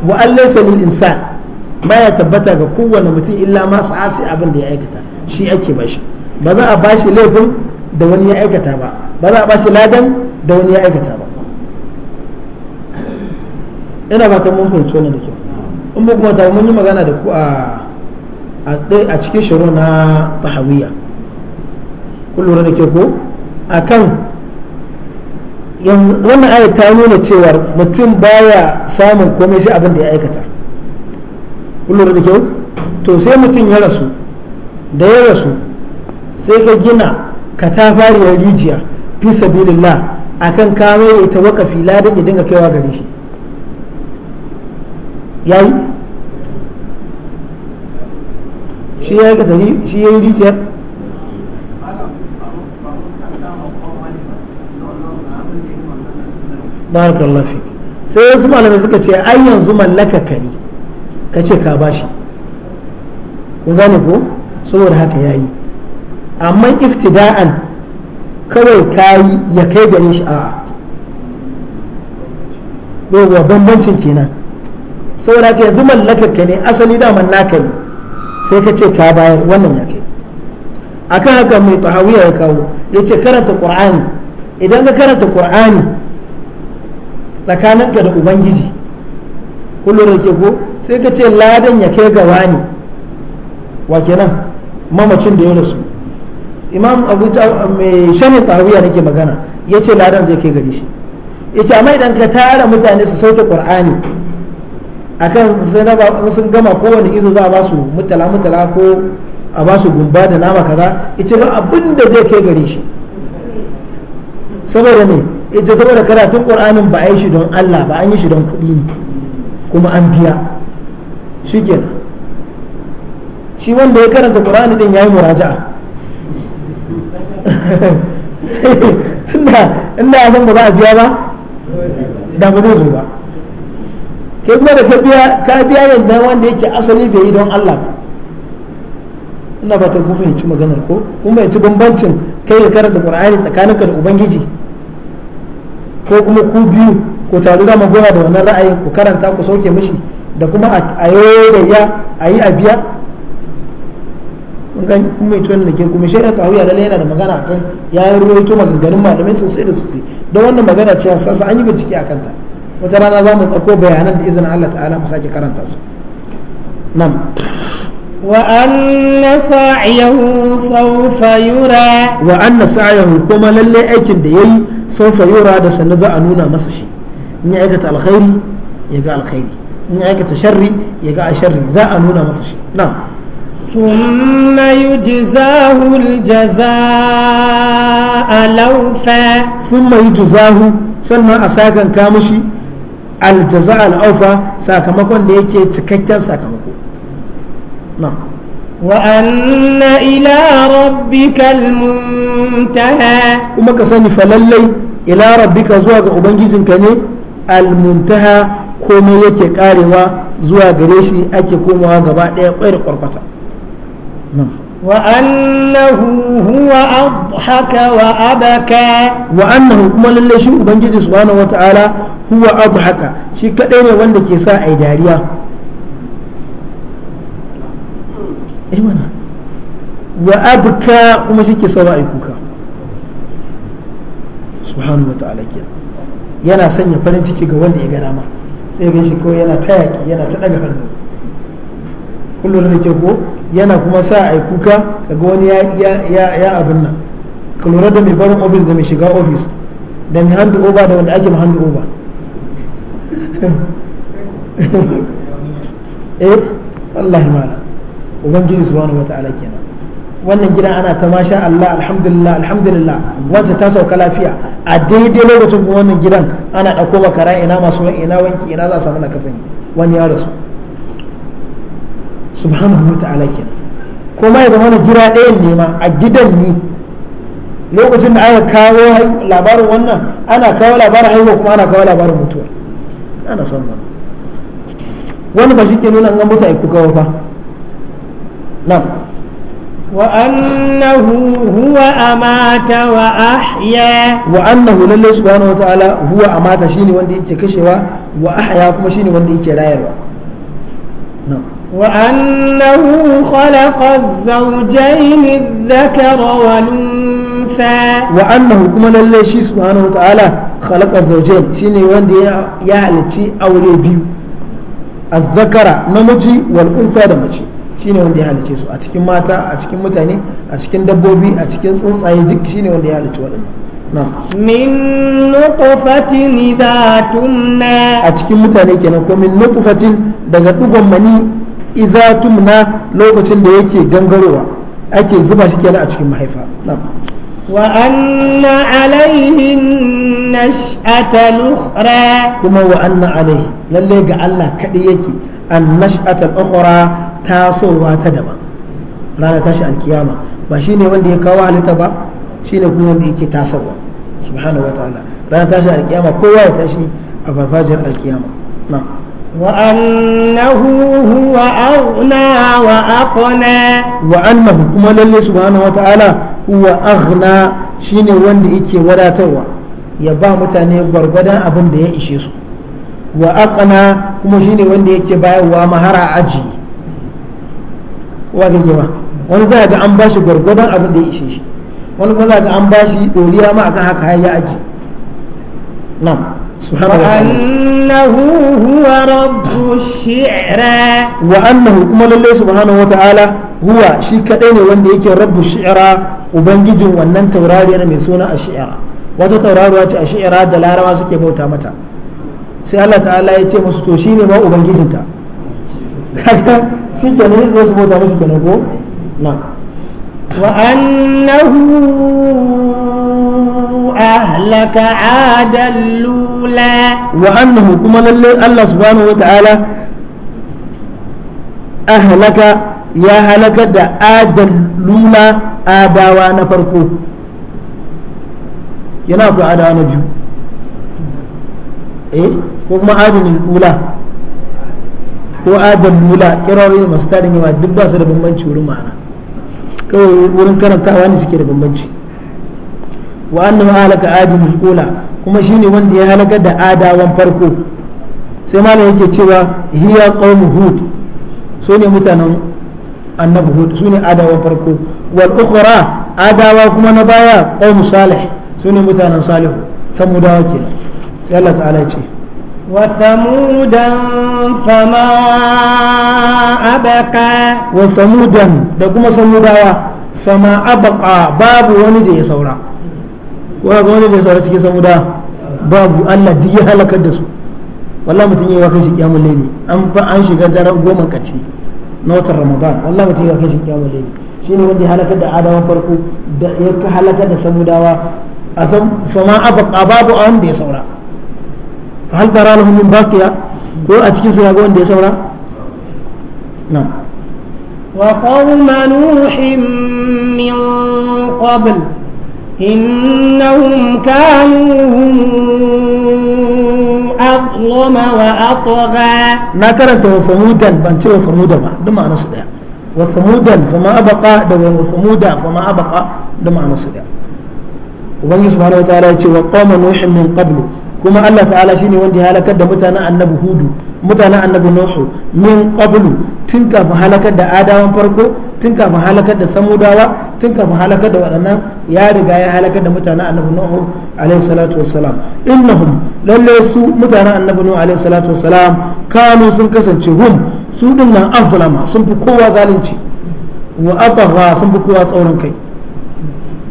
wa allai salil insa ba ya tabbata ga kowane mutum illa ma sa'asi abin da ya aikata shi ake bashi ba za a bashi laifin da wani ya aikata ba ba za a bashi ladan da wani ya aikata ba ina ba kamar mun fahimci da kyau in ba kuma ta mun yi magana da ku a cikin shiru na tahawiyya kullum da ke ko kan wannan ayat ta nuna cewa mutum baya samun komai sai abin da ya aikata kullum da ke to sai mutum ya rasu da ya rasu sai ka gina katafariyar rijiya fi sabilillah akan kamar ya ita wakafi ladan ya dinga kaiwa gare shi yayi shi ya yi rijiyar barakallahu fik sai wasu malamai suka ce ai yanzu mallaka ka ne ka ce ka bashi kun gane ko saboda haka yayi amma iftida'an kawai yi ya kai gare shi a yawwa bambancin kenan saboda haka yanzu mallaka ka ne asali da mallaka ne sai ka ce ka bayar wannan ya kai akan haka mai tahawiya ya kawo ya ce karanta qur'ani idan ka karanta qur'ani tsakaninka da ubangiji kullum da ke ko sai ka ce ladan ya kai gawa ne wa kenan mamacin da ya rasu imam abu mai shanin tawiya nake magana ya ce ladan zai kai gari shi ya ce amma idan ka tara mutane su sauke qur'ani akan sun gama kowane izo za a ba su mutala mutala ko a ba su gumba da nama kaza ita ba abin zai kai gare shi saboda ne ita saboda karatun ƙur'anin ba a yi shi don Allah ba an yi shi don kuɗi ne kuma an biya shi kenan shi wanda ya karanta ƙur'ani din ya yi muraja'a tunda inda ya san ba za a biya ba da ba zai zo ba kai kuma da ka biya ka biya ne dan wanda yake asali bai yi don Allah ba ina fatan kun fahimci maganar ko kun ci bambancin kai ya karanta Qur'ani tsakaninka da ubangiji ko kuma ku biyu ku tare da magana da wannan ra'ayin ku karanta ku sauke mishi da kuma a yoyayya a yi a biya kun mai tuwon da ke kuma shaidan ya lalle yana da magana a kan ya yi ito maganganun malamai sosai da sosai don wannan magana ce sassa an yi bincike a kanta wata rana za mu tsako bayanan da izinin allah ta'ala mu sake karanta su nam وأن سعيه سوف يرى وأن سعيه كما للي أكن saufa yura da sannu za a nuna masa shi in ya aikata alkhairi ya ga alkhairi in ya aikata sharri ya ga a sharri za a nuna masa shi na'am ثم يجزاه الجزاء لوفا ثم يجزاه سنة أساكا كامشي الجزاء الأوفى ساكمكو ليكي تككا ساكمكو نعم وأن إلى ربك المنتهى وما كساني فللي إلى ربك زواج أبنجيزن كني المنتهى كومي يكي قاروا زواج ريشي أكي كوموا غباء غير قرقطة وأنه هو أضحك وأبكى وأنه كما للي شو أبنجيزي سبحانه وتعالى هو أضحك شي كأين وانك يساعي داريا eh wa abka kuma shike a yi kuka subhanahu ta'ala kenan yana sanya farin ciki ga wanda ya gana ma sai gan shi kawai yana ta yaki yana ta daga hannu kullum da ke ko yana kuma sa yi kuka kaga wani ya abin nan ka lura da mai barin ofis da mai shiga ofis da mai handu oba da wanda ake ma handu oba eh wallahi malam ubangiji subhanahu wataala kenan wannan gidan ana ta masha Allah alhamdulillah alhamdulillah wacce ta sauka lafiya a daidai lokacin kuma wannan gidan ana ɗauko makara ina masu ina wanki ina za a samu kafin wani ya rasu subhanahu wa wataala kenan kuma ya zama gida ɗayan ne ma a gidan ni lokacin da aka kawo labarin wannan ana kawo labarin haihuwa kuma ana kawo labarin mutuwa ana son wani ba shi ke nuna an ga mutane kuka kawo ba نعم وأنه هو أمات وأحيا وأنه لله سبحانه وتعالى هو أمات شيني وندي يكشوا وأحيا كما شيني وندي يكرايروا نعم وأنه خلق الزوجين الذكر والأنثى وأنه كما لله شي سبحانه وتعالى خلق الزوجين شيني وندي يا هلتي أولي بيو الذكر نمجي والأنثى دمجي shine wanda ya halice su a cikin mata a cikin mutane a cikin dabbobi a cikin tsuntsaye duk shine wanda ya halice waɗannan min nutfatin idza tumna a cikin mutane kenan ko min nutfatin daga dugon mani idza tumna lokacin da yake gangarowa ake zuba shi kenan a cikin mahaifa na'am وأن عليه النشأة الأخرى كما وأن عليه للي قال الله كديكي النشأة الأخرى تاسو واتدبا رانا تاشا القيامة باشيني وندي كوا لتبا شيني كون وندي كي تاسو سبحانه وتعالى رانا تاشا القيامة كوا تاشي أفافاجر القيامة نعم وأنه هو أغنى وأقنى وأنه كما لله سبحانه وتعالى هو أغنى شيني وند إيكي ولا تروى يبا متاني غرغدا أبن دي إشيسو وأقنى كما شيني وند إيكي باي ومهارا عجي وكذا wani za ga an ba shi gwargwadon abin da ya ishe shi wani kuma za ga an ba shi doriya ma akan haka ya وأنه هو رب الشعرى وأنه كما لله سبحانه وتعالى هو شي كدين وند يكي رب الشعرى وبنجي wannan taurariyar mai suna ash'ira wata tauraruwa ce ash'ira da larawa suke bauta mata sai Allah ta'ala ya ce musu to shine ma ubangijinta kaga shi ke ne ko أهلك عادا لولا وأنه كما الله سبحانه وتعالى أهلك يا هلك دا آدا لولا آدا na farko yana ku ada na biyu eh ko kuma adalin lula ko adal lula kirawoyi masu tarin yawa duk ba su da bambanci wurin ma'ana kawai wurin karantawa ne suke da bambanci wa annahu halaka adin al-ula kuma shine wanda ya halaka da adawan farko sai malam yake cewa hiya qaum hud su ne mutanen annabi hud su ne adawan farko wal ukhra adawa kuma na baya qaum salih su ne mutanen salihu samudawa kenan sai Allah ta'ala ya ce وثمودا فما أبقى وثمودا دقوم ثمودا فما babu wani da ya saura. ko ga wani bai saura cikin samuda babu Allah duk ya halakar da su wallahi mutum yayi wakan shi kiyamul layli an fa an shiga daren goma kace na watan Ramadan wallahi mutum yayi wakan shi kiyamul layli shine wanda ya halakar da adama farko da ya halakar da samudawa a san fama abqa babu an da saura fa hal tara lahum min baqiya ko a cikin su ga wanda ya saura na وقوم نوح min قبل إنهم كانوا هم أظلم وأطغى ما كانت وثمودا بانتي وثمودا ما دم أنا صدق وثمودا فما أبقى دو وثمودا فما أبقى دم أنا صدق وبنجي سبحانه وتعالى وقوم نوح من قبل كما الله تعالى شيني وندي هلك دا متانا النبي هود متانا النبي نوح من قبل تنكا فهلك دا آدم فرقو tun kafin halakar da samudawa tun kafin halakar da waɗannan ya riga ya halakar da mutanen annabi nuhu alaihi salatu wassalam innahum lalle su mutanen annabi nuhu alaihi salatu wassalam kanu sun kasance hum su din nan azlama sun fi kowa zalunci wa atagha sun fi kowa tsaurin kai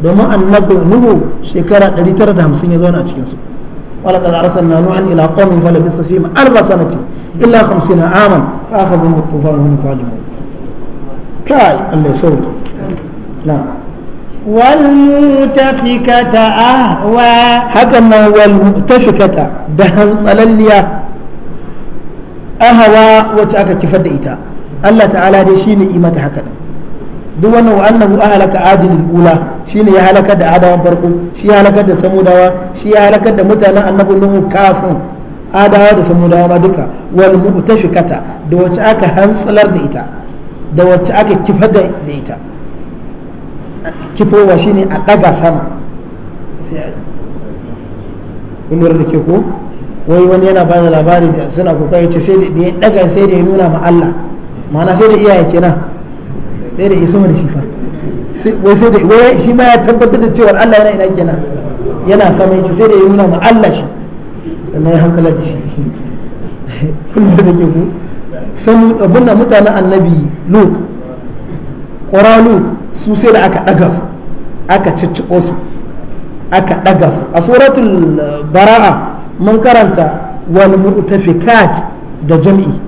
domin annabi nuhu shekara 950 ya zauna a cikin su ولقد أرسلنا نوحا إلى قوم فلبث فيهم أربع aman إلا خمسين عاما فأخذهم الطوفان وهم ظالمون kai Allah ya sauke na والمؤتفكة أهوى هكذا والمؤتفكة دهن صلالية أهوى وتأكا تفد إتا الله تعالى دي شيني haka هكذا duk wannan wa annahu ahlaka adil ula shine ya halakar da adawan farko shi ya halakar da samudawa shi ya halakar da mutanen annabi nuhu kafin adawa da samudawa ma duka wal mu'tashikata da wacce aka hantsalar da ita da wacce aka kifa da ita kifowa ne a ɗaga sama sai a yi da ke ko wai wani yana bada labari da suna kuka ya ce sai da ya daga sai da ya nuna ma Allah ma'ana sai da iyaye kenan sai da isa da shi fa wai sai da wai shi ma ya tabbatar da cewa Allah yana ina kenan yana sama ya ce sai da ya nuna ma Allah shi sannan ya hantsala da shi kullum da ke ku samu abin mutanen annabi lut ƙura lut su sai da aka ɗaga su aka cicciko su aka ɗaga su a suratul eh, bara'a mun karanta wal mu'tafikat da jam'i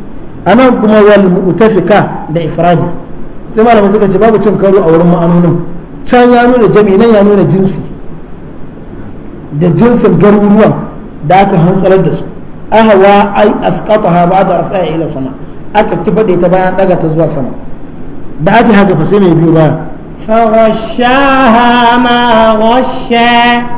anan kuma wal mu'tafika da ifradi sai malamin suka ce babu cin karo a wurin ma'anonin can ya nuna jam'i nan ya nuna jinsi da jinsin garuruwan da aka hantsarar da su ahwa ai asqataha ba'da rafa'a ila sama aka tibade ta bayan daga ta zuwa sama da aka haka fa sai mai Ta'ala baya فغشاها ما غشا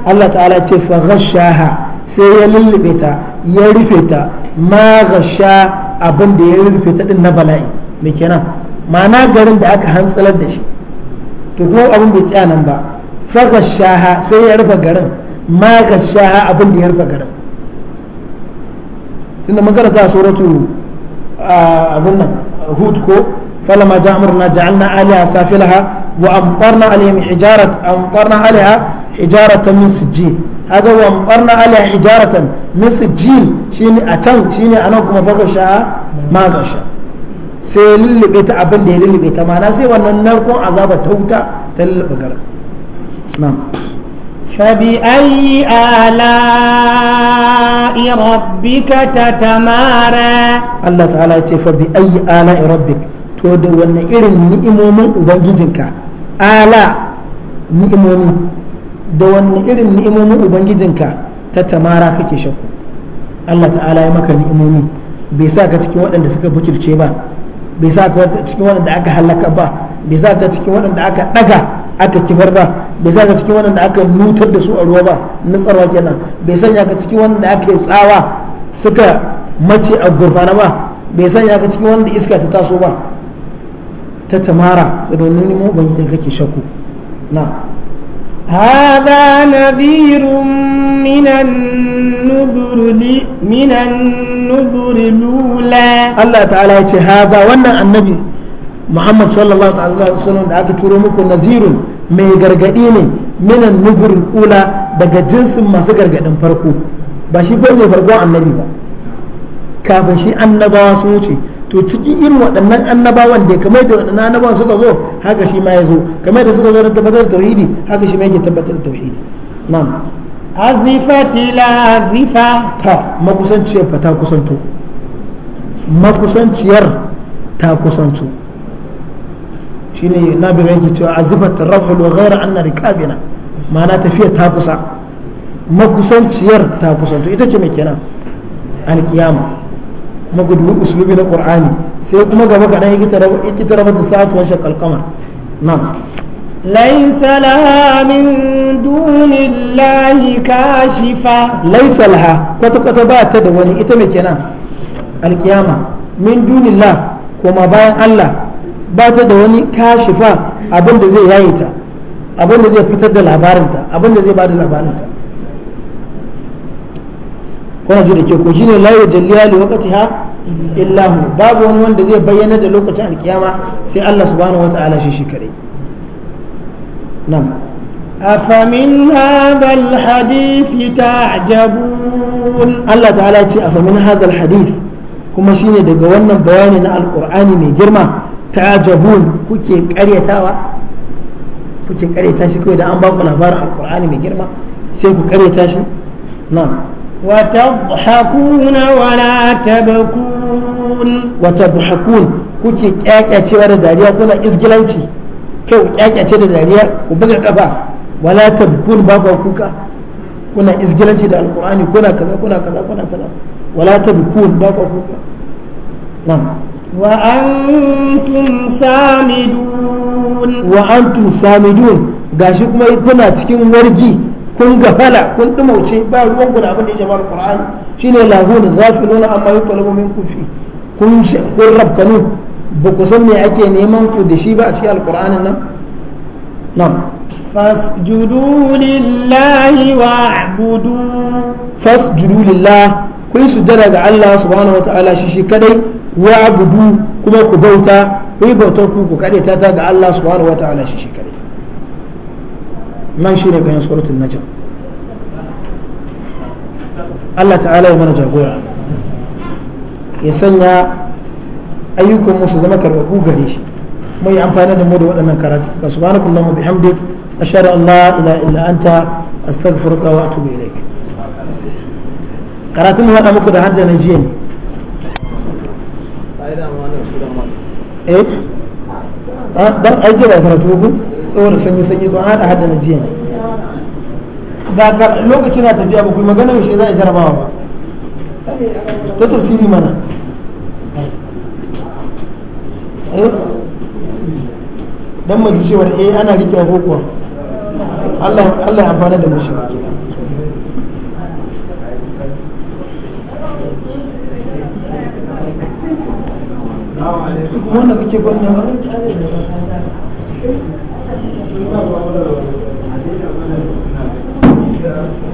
ya تعالى يقول ya سيللبتا يرفتا ما غشا abin da ya rufe din na bala'i mai kenan ma'ana garin da aka hantsalar da shi to kuma abin bai tsaya nan ba fagashaha sai ya rufe garin ma gashaha abin da ya rufe garin tunda magana ta suratu a abin nan hud ko falama ja amurna ja'alna aliha safilaha wa amtarna alayhim a amtarna aliha hijaratan min sijjil hada wa amtarna aliha hijaratan min sijjil shine a can shi ne a nan kuma fa sha magasha sai lullube ta abin da ya lullube ta ma'ana sai wannan narkon azaba ta wuta ta lullube gara na'am فبأي آلاء ربك تتمارى الله تعالى فبأي آلاء ربك تود وان إرن نئموم أبنجيجنك آلاء نئموم da wani irin ni'imomin ubangijinka ta tamara kake Allah ta'ala ya maka ni'imomi bai sa ka cikin waɗanda suka bucirce ba bai sa ka cikin waɗanda aka halaka ba bai sa ka cikin waɗanda aka ɗaga aka kifar ba bai sa ka cikin wannan da aka nutar da su a ruwa ba na tsarwa kenan bai sanya ka cikin wannan da aka yi tsawa suka mace a gurfana ba bai sanya ka cikin wannan da iska ta taso ba ta tamara da domin neman ubangijin kake shakku na هذا نذير من النذر من النذر الأولى الله تعالى يقول هذا وانا النبي محمد صلى الله عليه وسلم دعاك تورو مكو نذير mai gargadi ne minan nuzur ula daga jinsin masu gargadin farko ba shi bai mai farko annabi ba kafin shi annabawa sun wuce to cikin irin waɗannan annabawan da kamar da waɗannan annabawan suka zo haka shi ma ya zo kamar da suka zo da tabbatar da tauhidi haka shi ma yake tabbatar da tauhidi na'am azifa tila azifa ta makusanciyar fa ta kusanto makusanciyar ta kusanto shine na yake cewa azibat rahul wa ghayra anna rikabina ma'ana tafiya ta kusa makusanciyar ta kusanto ita ce mai kenan alkiyama magudu uslubi na qur'ani sai kuma gaba kaɗan yake taraba yake taraba da sa'atu wa shaqqal qamar na'am ليس kuma bayan allah. ba ta da wani kashifa abin da zai yaye ta abin da zai fitar da labarinta abin da zai ba da labarinta kuna ji da ke ko shine la yujalliya li waqtiha illa hu babu wani wanda zai bayyana da lokacin alkiyama sai Allah subhanahu wataala shi shi kare nam afamin hadha alhadith ta'jabun Allah ta'ala ce afamin hadha alhadith kuma shine daga wannan bayani na alqur'ani mai girma ta'ajabun kuke karyatawa kuke karyata shi kawai da an baku labarin alqur'ani mai girma sai ku karyata shi na'am wa tadhakuna wa la tabkun wa tadhakun kuke kyakyacewa da dariya kuna isgilanci kai ku kyakyace da dariya ku buga kafa wala tabkun ba ku kuka kuna isgilanci da alqur'ani kuna kaza kuna kaza kuna kaza wala tabkun ba ku kuka na'am وأنتم سامدون وأنتم سامدون gashi kuma kuna cikin wargi kun gafala kun dumauce ba ruwan guda abin da ya jama'a alqur'ani shine lahun ghafiluna amma yuqalu minkum fi kun kun rabkanu ba ku san me ake neman ku da shi ba a cikin alqur'anin nan nan fasjudu lillahi wa'budu fasjudu lillahi ku yi sujjada ga Allah subhanahu wa ta'ala shi shi kadai wa abudu kuma ku bauta ku yi bautar ku ku kadai ta ga Allah subhanahu wa ta'ala shi shi kadai nan shi ne bayan suratul najm Allah ta'ala ya mana jagora ya sanya ayyukan musu zama karbabu gare shi mai amfani da mu da waɗannan karatuka subhanakallahumma bihamdik ashhadu an la ilaha illa anta astaghfiruka wa atubu ilaik karatun mu haɗa muku da hadda na jiya ne eh ah, dan aiki ba karatu ku saboda sanyi sanyi to hada hadda na jiya ne ga lokacin na tafiya ba ku magana shi za a jarabawa ba ta tafsiri mana eh? dan mu ji cewa eh ana rikewa ko kuwa Allah ya amfana da mu shi kenan kuma wanda kake gwamna ba Thank you.